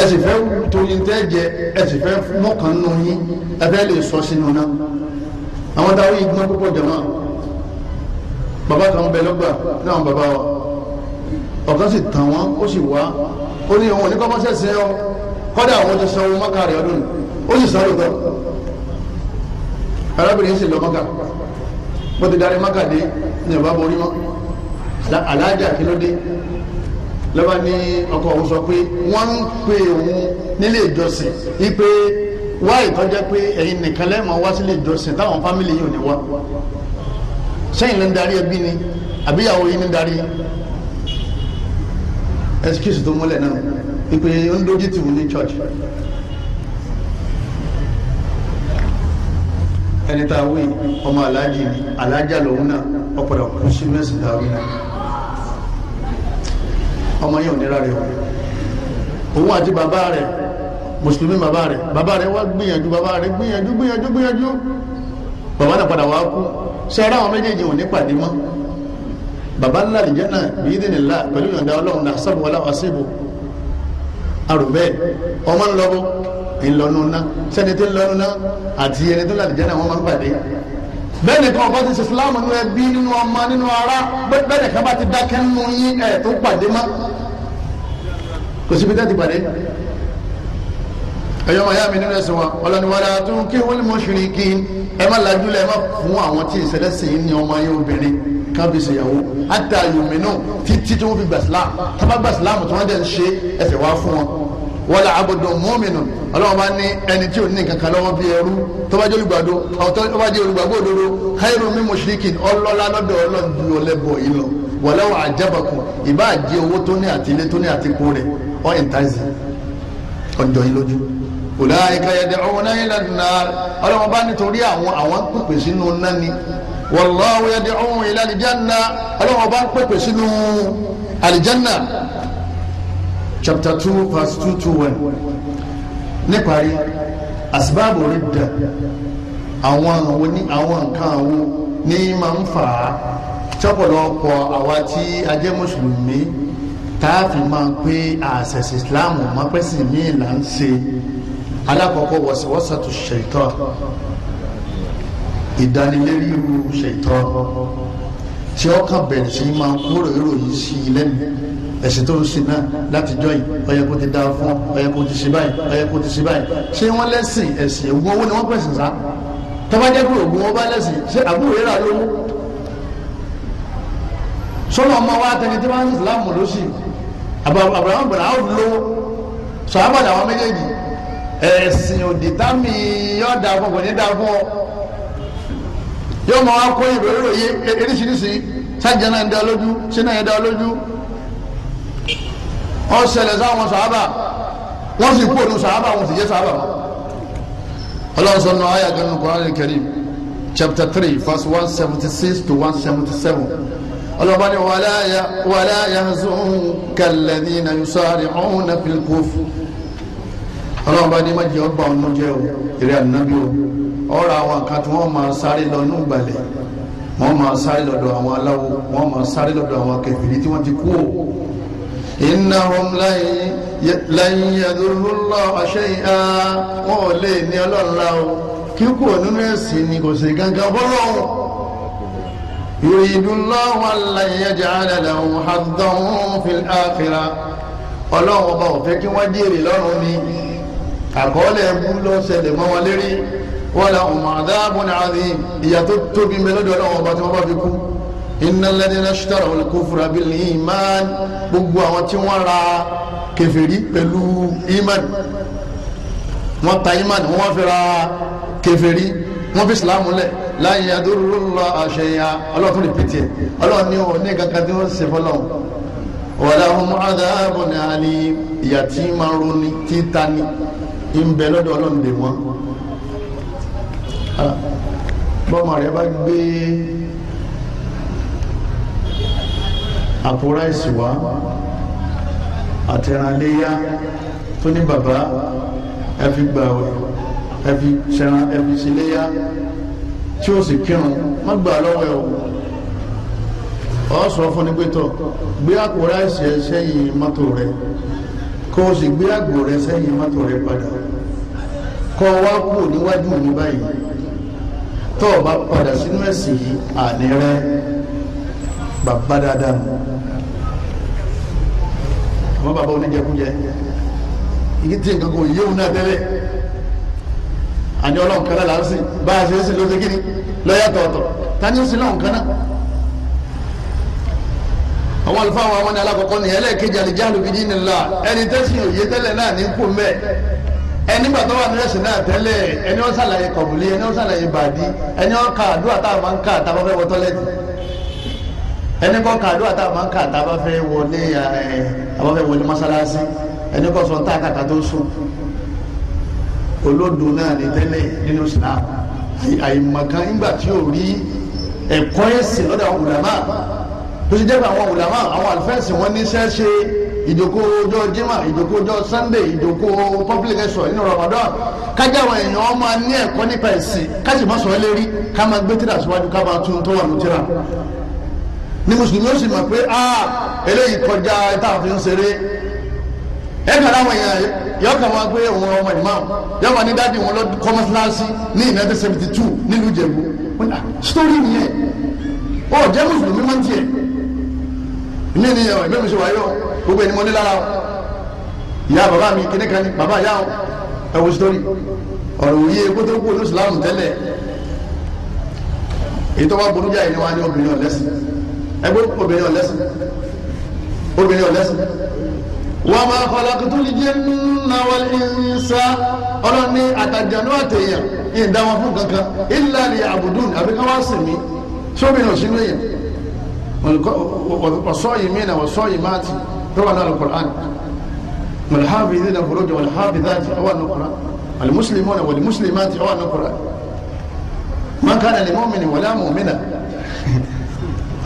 ẹ sì fẹ́ torí ń tẹ́jẹ ẹ sì fẹ́ mọ́kàn nù yín ẹ fẹ́ lè sọ sínú náà àwọn táwọn yìí gbọ́n púpọ̀ jẹ̀mọ́ bàbá kan bẹ lọ́gbà náà bàbá wa ọ̀kan sì tàn wọ́n ó sì wá ó ní òun ò ní kọ́ mọ́sẹ̀ sí ọ kọ́dà àwọn ti sanwó mọ́kà rẹ̀ ọdún ó sì sáré tán arábìnrin sì lọ mọ́kà bó ti darí mọ́kà dé ní ìbá borí mọ́ alájà kí ló dé lọ́ba ní ọkọ òun sọ pé wọ́n ń pe òun nílé ìjọsìn wípé wá ìtọ́jẹ́ pé ẹ̀yin nìkan lẹ́mọ̀ wá sílé ìjọsìn táwọn fámìlì yìí ò ní wá sẹ́yìn ló ń darí ẹbí ni àbíyàwó yìí ń darí excuse tó múlẹ̀ náà ìpè ń dojú tì wù ní church ẹni tá a wí ọmọ aláàjì ni aláàjà lòun náà ọ̀pọ̀lọpọ̀ sí mẹ́sìn dáwí náà ọmọ yẹn ò nira rẹ o òun àti bàbá rẹ mùsùlùmí bàbá rẹ bàbá rẹ wá gbìyànjú bàbá rẹ gbìyànjú gbìyànjú gbìyànjú bàbá náà padà wá kú sẹ́ra àwọn méjèèjì ò ní pàdé mọ́ bàbá ńlá lè jẹ́nà bíi dè nílá pẹ̀lú ìyọ̀ǹda ọlọ́run náà sábò wọlé wá síbò arò bẹ́ẹ̀ ọmọ ńlọ́bọ̀ ńlọ́nù ná sẹ́ni tó ńlọ́nù ná àti ẹni tó lálẹ́ jẹ́nà wọn máa ń pàdé bẹ́ẹ̀ nìkan ọba ti ṣe islam nínú ẹbí nínú ọmọ nínú ara bẹ́ẹ̀ nìkan bá ti dákẹ́ nínú yín ẹ̀ tó pàdé má kò síbi tẹ́ ti pàdé ẹ̀yọ́ màá yá mi nínú ẹ̀sìn wa ọlọ́ni wàlá tó ń kí wọ́n mọ̀ ṣìrì kí ẹ má lajú lẹ̀ ẹ má fún àwọn tí ìṣẹ̀lẹ̀ sì ń ní ọmọ yín obìnrin kábíyèsí ìyàwó àti títí tí wọ́n fi gbà sílámù tó bá gbà sílámù tí wọ́n wala abudu mu'minun ọlọ́wọ́n bá ní ẹni tí ò ní kankan lọ́wọ́ bí ẹrú tọ́bajẹ́ olùgbàdo ọ̀tọ́ tọ́bajẹ́ olùgbàgbọ́ òdodo khairu min mushrikin ọlọ́lá lọ́dọ̀ ọlọ́ọ̀dù ọlẹ́bọ̀ yìí lọ walaw ajabakum ìbá àjẹ owó tó ní àtìlé tó ní àtìkú rẹ̀ ọ̀ ẹ̀ńtáìsì ọjọ́ yìí lójú ulaika yad'una ila an-nar ọlọ́wọ́n bá nítorí àwọn àwọn pèpè sínú náni wallahu yad'u chapter two verse two two one níparí asibabu ridda àwọn àwọn ní àwọn nǹkan àwọn ní máa ń fà á tọ́pọ̀lọpọ̀ àwa tí a jẹ́ mùsùlùmí táàfin máa ń pé àṣẹ̀ṣẹ̀ ìsìláàmù máa pẹ́ sí mí là ń ṣe alákọ̀ọ́kọ́ wọ̀sẹ̀wọ̀sẹ̀tù ṣètọ́ ìdánilérí irú ṣètọ́ tí ọkàn bẹ̀rẹ̀ sí máa ń kúrò ìròyìn sí i lẹ́nu ẹ̀sìn tó ń sin náà láti jọ yìí ọyẹ kó ti dá fún ọyẹ kó ti ṣe báyìí ọyẹ kó ti ṣe báyìí ṣé wọ́n lẹ́sìn ẹ̀sìn ògùn owó ni wọ́n pẹ̀sìn sá tọ́bajẹ́ pé ògùn owó bá lẹ́sìn ṣé àbúrò rẹ̀ rà lówó ọmọ wa tẹni tí wọ́n ń islam ló sì abrahamu bẹ̀rẹ̀ àwọn lówó sọ abàdà àwọn méjèèjì ẹ̀sìn òdìtámì yọ̀ọ̀dà fún kò ní dá fún ọ yọ̀ọ̀mọ̀ wa kó ìròyìn oríṣiríṣi sájà náà ń dá lójú ọ̀sẹ̀lẹ̀ sáwọn sàábà wọ́n sì kúrò ní sàábà wọn sì jẹ́ sàábà mọ́. ọlọ́run sọ nù ayé àgànnù Qur'an al-Karim chapter three verse one seventy six to one seventy seven ọlọ́ba ni wàlá yahzunka alladhina yusari'una fil kufr ọlọ́ba ni má jẹ́ ọgbà ọ̀nà jẹ́ o eré ànábì o ọ̀rọ̀ àwọn kan tí máa sáré lọ ní ìgbàlẹ̀ wọ́n máa sáré lọ́dọ̀ àwọn aláwo wọ́n máa sáré lọ́dọ̀ àwọn kẹfìrí innahum lan yadurru Allaha shay'a wọn ò lè ní ọlọ́run la o kíkú nínú ẹ̀sìn ni kò sí gángan bọ́lọ́hún yuridu Allahu an yaj'ala lahum haddan fil akhirah ọlọ́run ọba ò fẹ́ kí wọ́n jèrè lọ́rùn ni àkọọ́lẹ̀ ẹ̀bú ló ṣẹlẹ̀ mọ́ wọn lérí wala hum adhabun adhim ìyà tó tóbi mẹ́lọ́dọ̀ ọlọ́run ọba tí wọ́n bá fi kú innalladhina ishtaraw al-kufra bil-iman gbogbo àwọn tí wọ́n ra kèfèrí pẹ̀lú iman wọ́n ta iman wọ́n fi ra kèfèrí wọ́n fi silamu lẹ̀ la yadurrullaha shay'a ọlọ́run tó lè pété ọlọ́run ní o ní kankan tí wọ́n ṣe fọlọ́run walahum adhabun alim ìyà tí máa ronú títa ni ń bẹ lọ́dọ̀ ọlọ́run lè wọ́n bọ́mọ rẹ bá gbé àpò ráìsì wá àtẹ̀rànléyà tó ní bàbá ẹ fi gbà ẹ fi ṣẹran ẹ fi ṣẹléyà tí o sì kírun má gbà lọ́wọ́ ẹ o ọ sọ fún ni pé tọ gbé àpò ráìsì ẹ sẹ́yìn mọ́tò rẹ kó o sì gbé àgbò rẹ sẹ́yìn mọ́tò rẹ padà kó wá kú níwájú mi báyìí tó o bá padà sínú ẹ̀sìn yìí àní rẹ bàbá dáadáa nù àmọ́ bàbá oníjẹkújẹ igi tí nǹkan kò yéwu náà tẹ́lẹ̀ àní ọlọ́run kan náà là ń sìn bá a ṣe é sìn ló kí ni lọ́yàtọ̀ọ̀tọ̀ ta ni ó sin lọ́run kan náà àwọn àlùfáà àwọn ọmọdé alákọ̀ọ́kọ́ ni ẹlẹ́ẹ̀kejì àlìjáàlù bíi nínú la ẹni tẹ́sí òye tẹ́lẹ̀ náà ní kú mẹ́ ẹni gbàtọ́ wà nírẹ̀sì náà tẹ́lẹ̀ ẹni ó ṣàlàyé kọ̀bùlé ẹni ó ṣàlàyé bàdí ẹni ó ka àdúrà tá máa ń ka àtàwọn fẹ́ wọ ẹni kọ́ kàdó àti àwọn kà tá a bá fẹ́ wọlé ẹ eh, a bá fẹ́ wọlé mọ́sálásí ẹni kọ́ sọ tá a kàkà tó sùn olódo náà ní tẹ́lẹ̀ nínú Islam àyèmọ̀kan ńgbà tí ò rí ẹ̀kọ́ ẹ̀sìn lọ́dọ̀ àwọn ulama tó ṣe jẹ́ àwọn ulama àwọn àlùfẹ́sìn wọn ní sẹ́ṣe ìdòkó ọjọ́ jimá ìdòkó ọjọ́ sunday ìdòkó public ẹ̀sọ̀ nínú Ramadan kájà àwọn èèyàn ọmọ ní ẹ̀kọ́ nípa ẹ̀sìn káṣí mọ́sọ̀ọ́ lérí ká máa gbé tíra síwájú ká máa tún tó wà ní ni mùsùlùmí ó sì mọ̀ pé ah eléyìí kọjá táwọn fi ń ṣeré ẹ kàn láwọn èèyàn yọ kàn wá pé òun ọmọ ìmáàmù yọ wà ní dáàdi wọn lọ kọ́ mọ́sálásí ní nineteen seventy two nílùú Ìjẹ̀bú sítórí nìyẹn ọ jẹ́ mùsùlùmí máa ń tiẹ̀ mí ni ọ̀ ẹ̀mí mi ṣe wáyọ̀ gbogbo ẹni mo ní lára wọn ìyá bàbá mi kíní kan ní bàbá yá wọn ẹ wo sítórí ọ̀rọ̀ òye kótó kó ní Ìsìlámù tẹ́lẹ̀ èyí tó wá bonújà yìí ni wọ́n á ní obìnrin ọ̀lẹ́sìn ẹgbẹ́ obìnrin ọ̀lẹ́sìn obìnrin ọ̀lẹ́sìn wọ́n máa khalaqtu al-jinna wal-insa ọlọ́ni àtàjànú àtẹ̀yàn ìdá wọn fún kankan illa liya'budun àbí ká wá sí mi sóbìnrin òsínú yẹn والصائمين والصائمات طبعا على القرآن والحافظين فروج والحافظات هو القرآن المسلمون والمسلمات هو القرآن ما كان لمؤمن ولا مؤمنة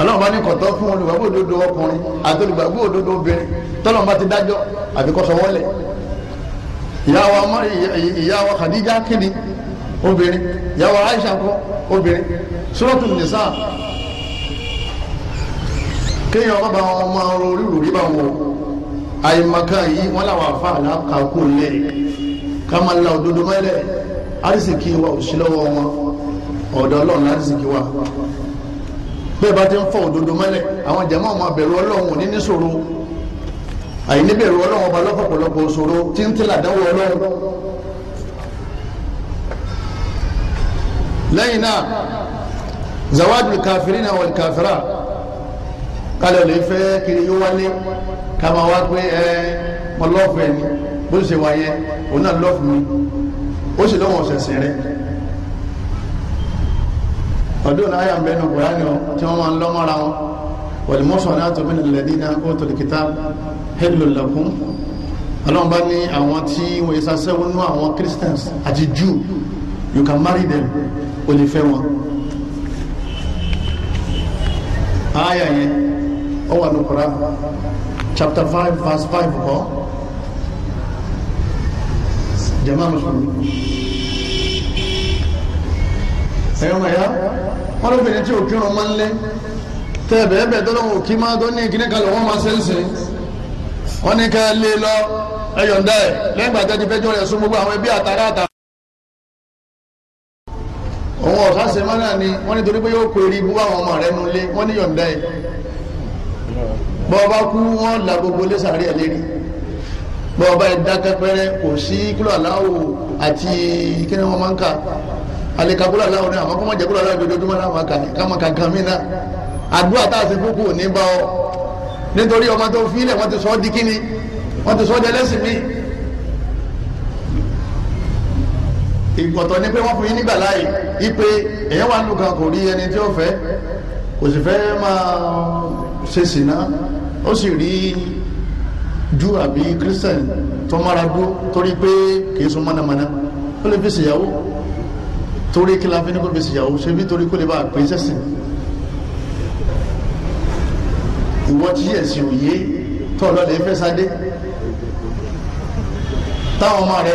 ọlọ́run bá ní kọ̀tọ́ fún olùgbàgbọ́ òdodo ọkùnrin àti olùgbàgbọ́ òdodo obìnrin tọ́lọ́run bá ti dájọ́ àbí kó sọ wọ́lẹ̀ ìyàwó ìyàwó Khadija kìnnì obìnrin ìyàwó Aisha kọ́ obìnrin Suratul Nisa kéèyàn bá wọn ọmọ orí rò rí bá wọn àyèmàkà yìí wọn làwọn afa àlàkà kò lẹ kàmá la òdodo mẹlẹ arísìkì wa òsì lọ́wọ́ wọn ọ̀dọ̀ Ọlọ́run arísìkì wa bẹ́ẹ̀ bá ti ń fọ òdodo mọ́lẹ̀ àwọn jàmọ́ ọmọ bẹ̀rù ọlọ́run ò ní ní ṣòro àyíní bẹ̀rù ọlọ́run ọba lọ́pọ̀lọpọ̀ ṣòro tí ń tẹ̀lé àdánwò ọlọ́run. lẹ́yìn náà zawadu kàfírí náà wọ̀n kàfírà kálọ̀ lè fẹ́ kiri yóò wálé ká wá pé ẹ mọ lọ́ọ̀fù ẹni bó ṣe wáyé òun náà lọ́ọ̀fù mi ó sì lọ́wọ́ ọ̀sẹ̀ sí ọdún láyà mẹ́nu kùránì ọ tí wọ́n máa ń lọ́mọ́ra wọn wal-muhsanatu min alladhina utul kitab hillul lakum ọlọ́run bá ní àwọn tí wọ́n yẹsà sẹ́wọ́n nú àwọn christians àti jew you can marry them o lè fẹ́ wọn. aya yẹn ó wà ní kùránì chapter five verse five kọ́ jama musulmi ẹ̀yọ́ mọ̀ ya wọ́n ló fèrè tí ò kírun máa ń lé tẹ́ ẹ̀ bẹ́ẹ̀ bẹ́ẹ̀ tó lóun ò kí máa tó ní kíní kan lòun máa ṣe ń sìn wọ́n ní ká lé lọ ẹ̀yọ̀ǹda ẹ̀ lẹ́yìn ìgbà tẹ́ ti fẹ́jọ́ rẹ̀ sún gbogbo àwọn ẹbí àtàrà àtàrà òun ọ̀sán ṣe mọ́nà ni wọ́n nítorí pé yóò kó eré àwọn ọmọ rẹ̀ nulẹ̀ wọ́n ní yọ̀ǹda ẹ̀ bọ́ọ̀bá kú alekabula láwọn náà àmọ́ kó má jẹ́kúrò aláwọ̀ ojoojúmọ́ náà máa kà ní ká máa kà kàn mí náà àdúrà tá a ṣe fún kù ní bá ọ nítorí ọmọ tó fi ilẹ̀ wọ́n ti sọ di kíni wọ́n ti sọ di ẹlẹ́sìn mi. ìgbọ̀tọ̀ ni pé wọ́n fún yín nígbà láàyè ipe èèyàn wà lùkà kò rí ẹni tí ó fẹ́ kò sì fẹ́ máa ṣe sìnà ó sì rí jù àbí kírísítẹ̀n tó mára dúró torí pé kì í sún mọ́nàmọ́ná ó lè fi ṣèyàwó torí kila la fi ní kó fèsì ìyàwó ṣe bí torí kó lè bá pè sẹ́sìn ìwọ tí ẹ̀sìn òye tó ọlọ́lẹ̀ fẹ́ sáde táwọn ọmọ rẹ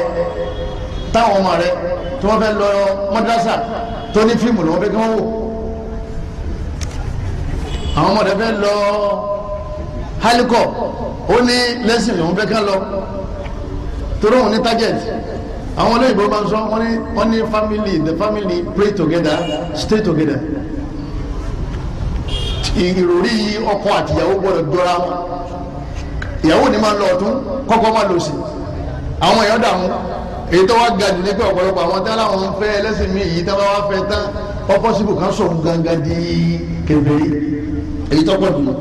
táwọn ọmọ rẹ tí wọ́n fẹ́ lọ mọ́dásà tó ní fíìmù lọ́wọ́ fẹ́ kí wọ́n wò àwọn ọmọ rẹ fẹ́ lọ hálíkọ̀ ó ní lẹ́sìn lòún fẹ́ kí wọ́n lọ torí òun ní tágẹ́tì àwọn olóyìnbó máa ń sọ wọ́n ní wọ́n ní family the family pray together stay together ìròrí ọkọ àti ìyàwó gbọ́dọ̀ dọ́ra wọn ìyàwó ni máa lọ ọ̀tún kọ́kọ́ máa lọ sí àwọn èèyàn dààmú èyí tó wá ga jù ní pé ọ̀pọ̀lọpọ̀ àwọn tá láwọn ń fẹ́ ẹlẹ́sìn mi èyí tá bá wá fẹ́ tán ọpọ́sibù kan sọ̀rọ̀ gangan di kébèrè èyí tó pọ̀ jùlọ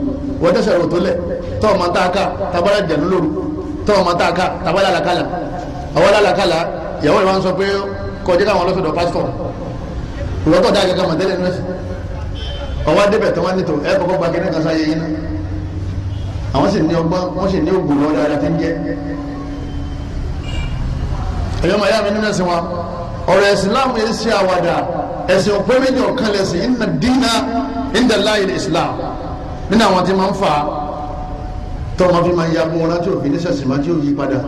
wọ́n tẹ̀sẹ̀ rò tó lẹ̀ tọ́ ọmọ tá a ká tabalá jẹ̀ lóru tọ́ ọmọ tá a ká tabalá làkàlà àwọn làkàlà ìyàwó rẹ̀ wá ń sọ pé kọjá káwọn ọlọ́sọ̀dọ̀ pásítọ̀ ìwọ́tọ̀ dá gẹ́gẹ́ mọ̀tẹ́lẹ̀ ní ẹ̀sìn ọwọ́ adébẹ̀ tó wá nítò ẹ kọ́kọ́ gba kẹ́kẹ́ kan sáyé yín náà àwọn sì ní ọgbọ́n wọ́n sì ní ògùn lọ́wọ́ dáadáa tí ń jẹ́ ẹ̀yọ́ màá yá mi nínú ẹ̀sìn wa ọ̀rọ̀ ẹ̀sìn yẹn ṣe àwàdà ẹ̀sìn ọ̀pẹ́ méjì ọ̀kan lẹ̀sìn ìnà dínà ìndàláyè islam nínú àwọn tí tọ́mọ fi máa yagbó wọn láti òfin nísẹ̀sì máa tí ó yí padà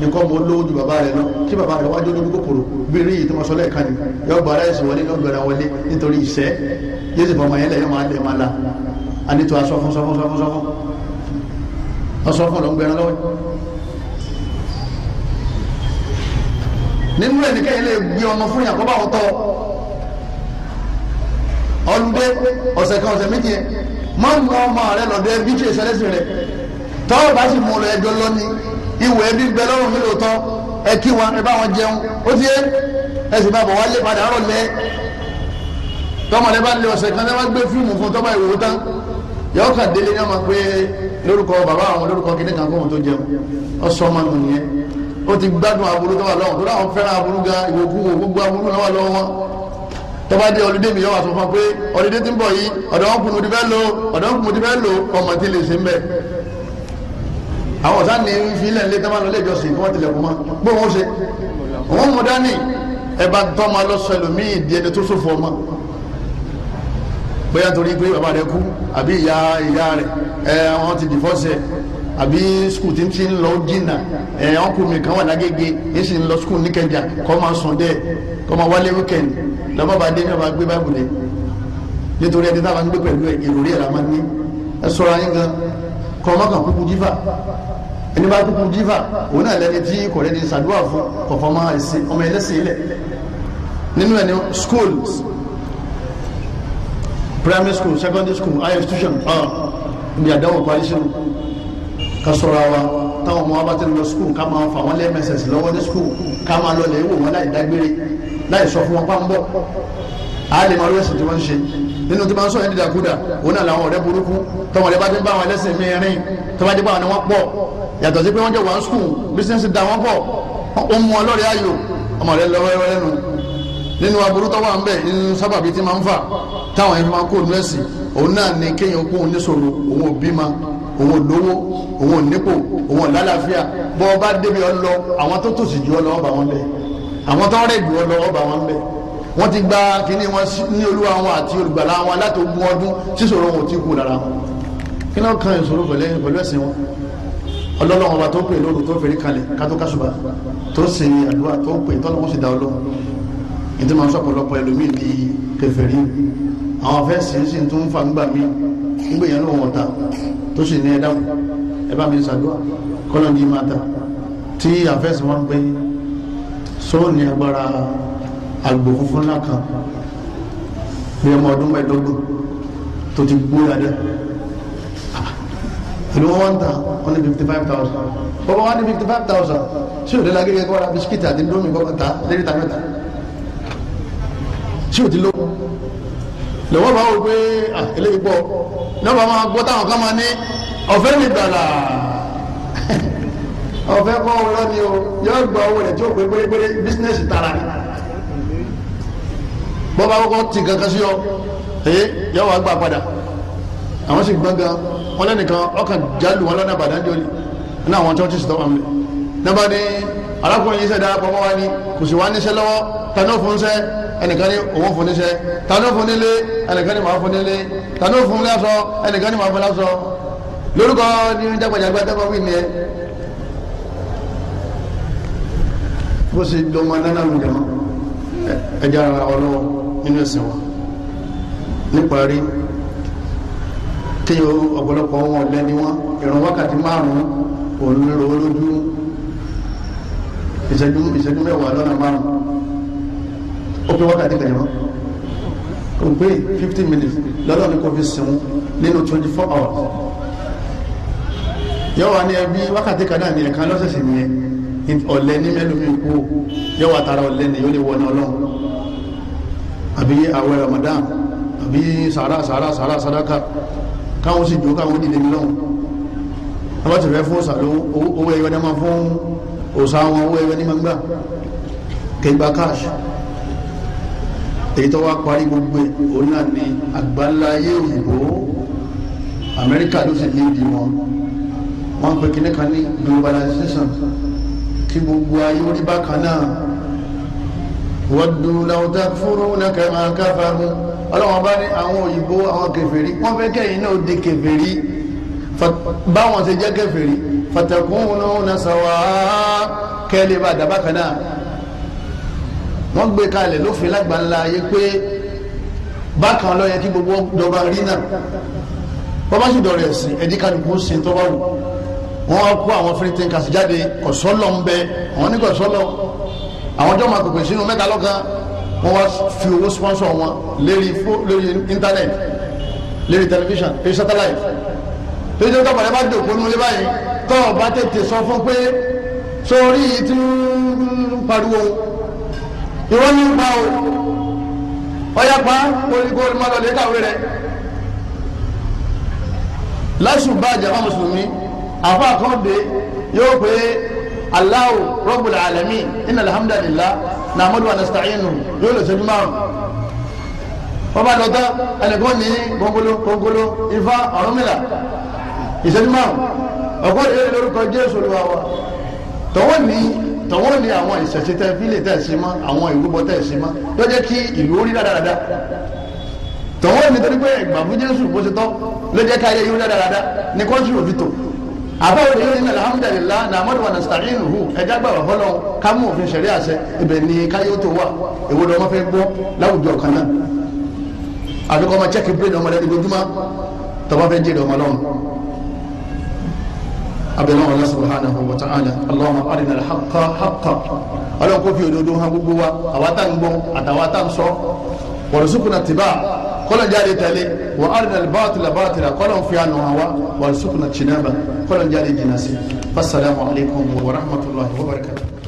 nìkan mọ olówó ju bàbá rẹ lọ tí bàbá rẹ wájú olórí kòkòrò bírí yìí tó máa sọ lẹ́ẹ̀kan ni yóò gba ara ẹ̀sìn wọlé yóò gbẹ̀rẹ̀ wọlé nítorí ìṣẹ́ yóò sì fọmọ yẹn lẹ̀ yóò máa lẹ̀ máa la anító aṣọ fún sọfún sọfún sọfún ọsọ fún ló ń nínú rẹ̀ nìkẹ́yìn lè gbé ọmọ fún yàn kó bá wọn ọ̀sẹ̀ kan ọ̀sẹ̀ méjì yẹn máa tọ́wọ́ bá sì mú lọ ẹjọ́ lọ́ni ìwé ẹbí ń bẹ lọ́rùn mi lóòótọ́ ẹ kí wọn ẹ bá wọn jẹun ó ti yé ẹ sì bá bọ̀ wá lé padà rọ̀ lẹ́ tọ́mọdé bá lé ọ̀sẹ̀ kan tẹ́ wá gbé fíìmù fún tọ́mọ ìwò tán yọ kà délé ní ọmọ pé lórúkọ bàbá àwọn lórúkọ kìnìún kan fóun tó jẹun ọ̀sọ́ ọmọ nù nìyẹn ó ti gbádùn aburú tó lọ́wọ́ tó dáhùn fẹ́ràn aburú ga ìwòkú wò gbogbo aburú náà wà lọ́wọ́ wa pé ọlídé ti ń bọ̀ yìí ọ̀dọ̀ wọn kùnú ti fẹ́ lò ọ̀dọ̀ wọn kùnú ti àwọn ọ̀sán ni ń filẹ̀ lé tẹ́wọ́n lọ́lẹ́ ìjọsìn kí wọ́n tilẹ̀ kún mọ́ pé wọ́n ṣe òun mú dání ẹ bá tọ́ ma lọ sọ ẹlòmíì di ẹni tó sòfò ọmọ bóyá torí pé bàbá rẹ kú àbí ìyá ìyá rẹ ẹ àwọn ti dìfọ́sẹ̀ àbí skul tí ń ti ń lọ jìnnà ẹ ọkùnrin kan wà lágége yìí sì ń lọ skul ní Kẹjà kọ́ máa sùn dẹ́ kọ́ máa wálé wíkẹ̀ndì lọ́mọ bá dé ní ọba gbé báyìí nítorí ẹni táwọn ń gbé pẹ̀lú ẹ ìròrí ẹ̀ la máa ní ẹ sọ̀rọ̀ ayé gan kọ́mọ́kàn kúkú jífà ẹni bá kúkú jífà òun náà lẹni tí kò lẹni ṣàdúrà fún kọ̀fọ́ máa ṣe ọmọ ẹlẹ́sìn ilẹ̀ nínú ẹni school primary school secondary school high institution ah, ibi àdáwò parí sínú ká sọ̀rọ̀ wa táwọn ọmọ wa bá ti lọ school ká máa fà wọ́n lẹ́mẹsẹ̀sì lọ́wọ́ ní school ká máa lọ lẹ́wọ̀ wọn láì dágbére láì sọ fún wọn pàǹbọ̀ á lè máa lọ́wọ́ ẹ̀sìn tí wọ́n ń ṣe nínú tí wọ́n sọ yẹn dídàkudà òun náà làwọn ọ̀rẹ́ burúkú tọ́wọ́n ọ̀rẹ́ bá ti ń bá àwọn ẹlẹ́sìn mi rìn tọ́wọ́n ti bá àwọn ni wọ́n pọ̀ yàtọ̀ sí pé wọ́n jẹ́ one school business da wọ́n pọ̀ ó mú ọ lọ́rẹ̀ ayò ọmọ rẹ lọ́wọ́ rẹ nù nínú aburú tó wà ń bẹ nínú sábàbí tí máa ń fà táwọn ẹni máa kó òun lẹ́sìn òun náà ní kéèyàn kó òun níṣòro òun ò bímọ òun ò lówó òun ò nípò òun ò lálàáfíà bọ́ ọ bá débi ọ lọ àwọn tó tòṣì jù ọ lọ́wọ́ bá wọn lẹ̀ àwọn tó rẹ̀ jù ọ lọ́wọ́ bá wọn lẹ̀ wọ́n ti gba kíní wọn ní olúwa wọn àti olùgbàlà wọn láti ogún ọdún sísòro wọn ò tí kú lára wọn kí náà kan ìṣòro pẹ̀lú ẹ̀sìn wọn ọlọ́lọ́wọ́n ọba tó pè lóru tó fèrè kalẹ̀ kátó kásùbà tó ṣe àdúrà tó pè tọ́lọ́wọ́n sì dá ọlọ́run ìdí máa ń sọ̀pọ̀lọpọ̀ ẹlòmíì bíi kèfèrí àwọn afẹ́sì sì tún fa ńgbà mí ńgbè yẹn lóun ọ̀tá tó sì ní ẹ̀dáhùn ẹ bá mi ṣàdúrà kọ́lọ́ máa ta tí afẹ́sì wọn ń pè sóò agbára àgbò funfun ńlá kan bí ọmọ ọdún mẹ́ẹ̀ẹ́dọ́gbọ̀n tó ti gbó dáadáa ìlú ah, wọn wọn ta wọn ní fifty five thousand bọ́bá wọn ní fifty five thousand sí òde la gẹ́gẹ́ kọ́ra bisikíti àti ndomi kọ́kọ́ ta lérí ta mẹ́ta sí òde ló lọ́wọ́ bá wò pé ah, eléyìí gbọ́ náà bá máa gbọ́ táwọn kan máa ní ọ̀fẹ́ mi gbàlà [LAUGHS] ọ̀fẹ́ kọ́ ọ̀rọ̀ ni o yọ gba owó rẹ̀ tí ó pé pérépéré bísínẹ́sì tara ni bọ́ba kọ́kọ́ ti kankan sí ọ ee yọ wá gbà padà àwọn sì gbọ́ngàn wọn lẹ́nìkan ọkàn jálù wọn lọ́nà àbàdàn jọ ni ní àwọn church tó wà mí. nígbà ní arákùnrin yìí sẹ́ darapọ̀ mọ́ wa ni kò sì wá níṣẹ́ lọ́wọ́ tani ó fún sẹ́ ẹnìkan ní òun fún níṣẹ́ tani ó fún nílé ẹnìkan ní màá fún nílé tani ó fún lásọ ẹnìkan ní màá fún lásọ lórúkọ ní jágbàjàgbà tẹ́kọ̀ wí nínú ẹ̀sìn wa níparí tí ọ̀pọ̀lọpọ̀ wọn ọ̀lẹ́ ni wọn ìrun wákàtí márùn-ún òun ló lówó lójú ìṣẹ́jú ìṣẹ́jú mẹ́wàá lọ́nà márùn-ún ó pé wákàtí kan yẹn ó pé fifty minutes lọ́dọ̀ ní kò fi sìn nínú twenty four hours yóò wá ní ẹbí wákàtí kan náà ní ẹ̀ka lọ́sẹ̀sẹ̀ nìyẹn ọ̀lẹ́ ní mẹ́lòmíì kú yóò wá tara ọ̀lẹ́ ní yóò lè wọ ní ọlọ́run àbí àwẹ̀ Ramadan àbí sàrà sàrà sàrà sàdákà káwọn sì jó káwọn dìde mílíọ̀nù wọ́n ti fẹ́ fún òsà lówó owó ẹyọ ní ma fún òsà wọn owó ẹyọ ní ma gbà kẹgbà káàṣì èyí tó wá parí gbogbo ẹ̀ òun náà ní àgbáńlá ayé òyìnbó Amẹ́ríkà ló sì ní ìdí wọn wọ́n pe kíní kan ní globalization kí gbogbo ayé orí bákan náà wọ́dù làwùjá fúru lẹ́kẹ̀mà káfàrú ọlọ́wọ́n bá ní àwọn òyìnbó àwọn kèfèrí wọ́n fẹ́ kẹ́yìn náà di kèfèrí báwọn ṣe jẹ́ kèfèrí fatakun náà sáwà kẹ́lẹ́ bá dàbà kan náà wọ́n gbé kalẹ̀ lófin lágbàńlá ayé pé bákan ló yẹ kí gbogbo dọ̀rọ̀ rí náà bọ́bá sì dọ̀rọ̀ ẹ̀sìn ẹ̀dí kanìkú sí tó wù wọ́n kó àwọn free thinkers jáde kọ̀sọ́lọ́ ń bẹ àwọn ní àwọn jọ́ máa pèpè sínú mẹ́ta lọ́kan wọ́n wá fi owó sponsor wọn lérí lórí internet lérí television lérí satellite lórí tó tọ́pọ̀ rẹ bá dòkó nulẹ̀ báyìí tọ́ ọ bá tètè sọ fún pé sórí yìí ti ń pariwo ìwọ ní ń pa o ọyá pa kórikórì má lọ lè kàwé rẹ lásùbà jàmbá mùsùlùmí àfọ àkàndé yóò pé. Allahu Rabbul Alamin inna alhamdulillah nahmadu wa nasta'inu yóò lọ sẹ́jú márùn wọ́n bá dọ̀tá ẹnìkan ní gbogbo gbogbo ifá Ọ̀rúnmìlà ìṣẹ́jú márùn ọ̀pọ̀ ìyẹn lórúkọ Jésù lọ́wọ́ wa tọ́wọ́ ní tọ́wọ́ ní àwọn ìṣẹ̀ṣẹ̀ tẹ́ fílẹ̀ tẹ́ sí mọ́ àwọn ìrúbọ tẹ́ sí mọ́ tó jẹ́ kí ìlú orí dáadáa tọ́wọ́ ní torí pé ìgbà Jésù bó ṣe tọ́ ló jẹ́ ká ayé yóò dáadáa ní kọ́ńtù òfin tó àbáwò ni yóò ní alhamdulillah nàmọ́dún wa nàstàkínú hù ẹ̀já gbà wà fọlọ́ ká mú òfin ṣẹ̀rí àṣẹ ibẹ̀ ni káyọ̀ tó wà èwo ni wọ́n fẹ́ gbọ́ láwùjọ kan náà àbíkọ́ ọmọ chẹ́kì bírèdì ọmọ lójúmọ́ tọ́ba fẹ́ jèrè ọmọ lọ́wọ́ abdullahi allah subhanahu wa ta'ala allahumma arina alhaqa haqa ọlọ́run kó fi òdodo hàn gbogbo wa àwa tá ń gbọ́ àtàwa tá ń sọ wọ̀rọ̀sùkùnà kọlọ̀ jáde tẹ̀lé wà arinal bátìlà bátìlà kọlọ̀ fi àná wa wà sùkùnà tìǹbà kọlọ̀ jáde jìnnà sí. assalamu wa rahmatullahi wa barakatuh.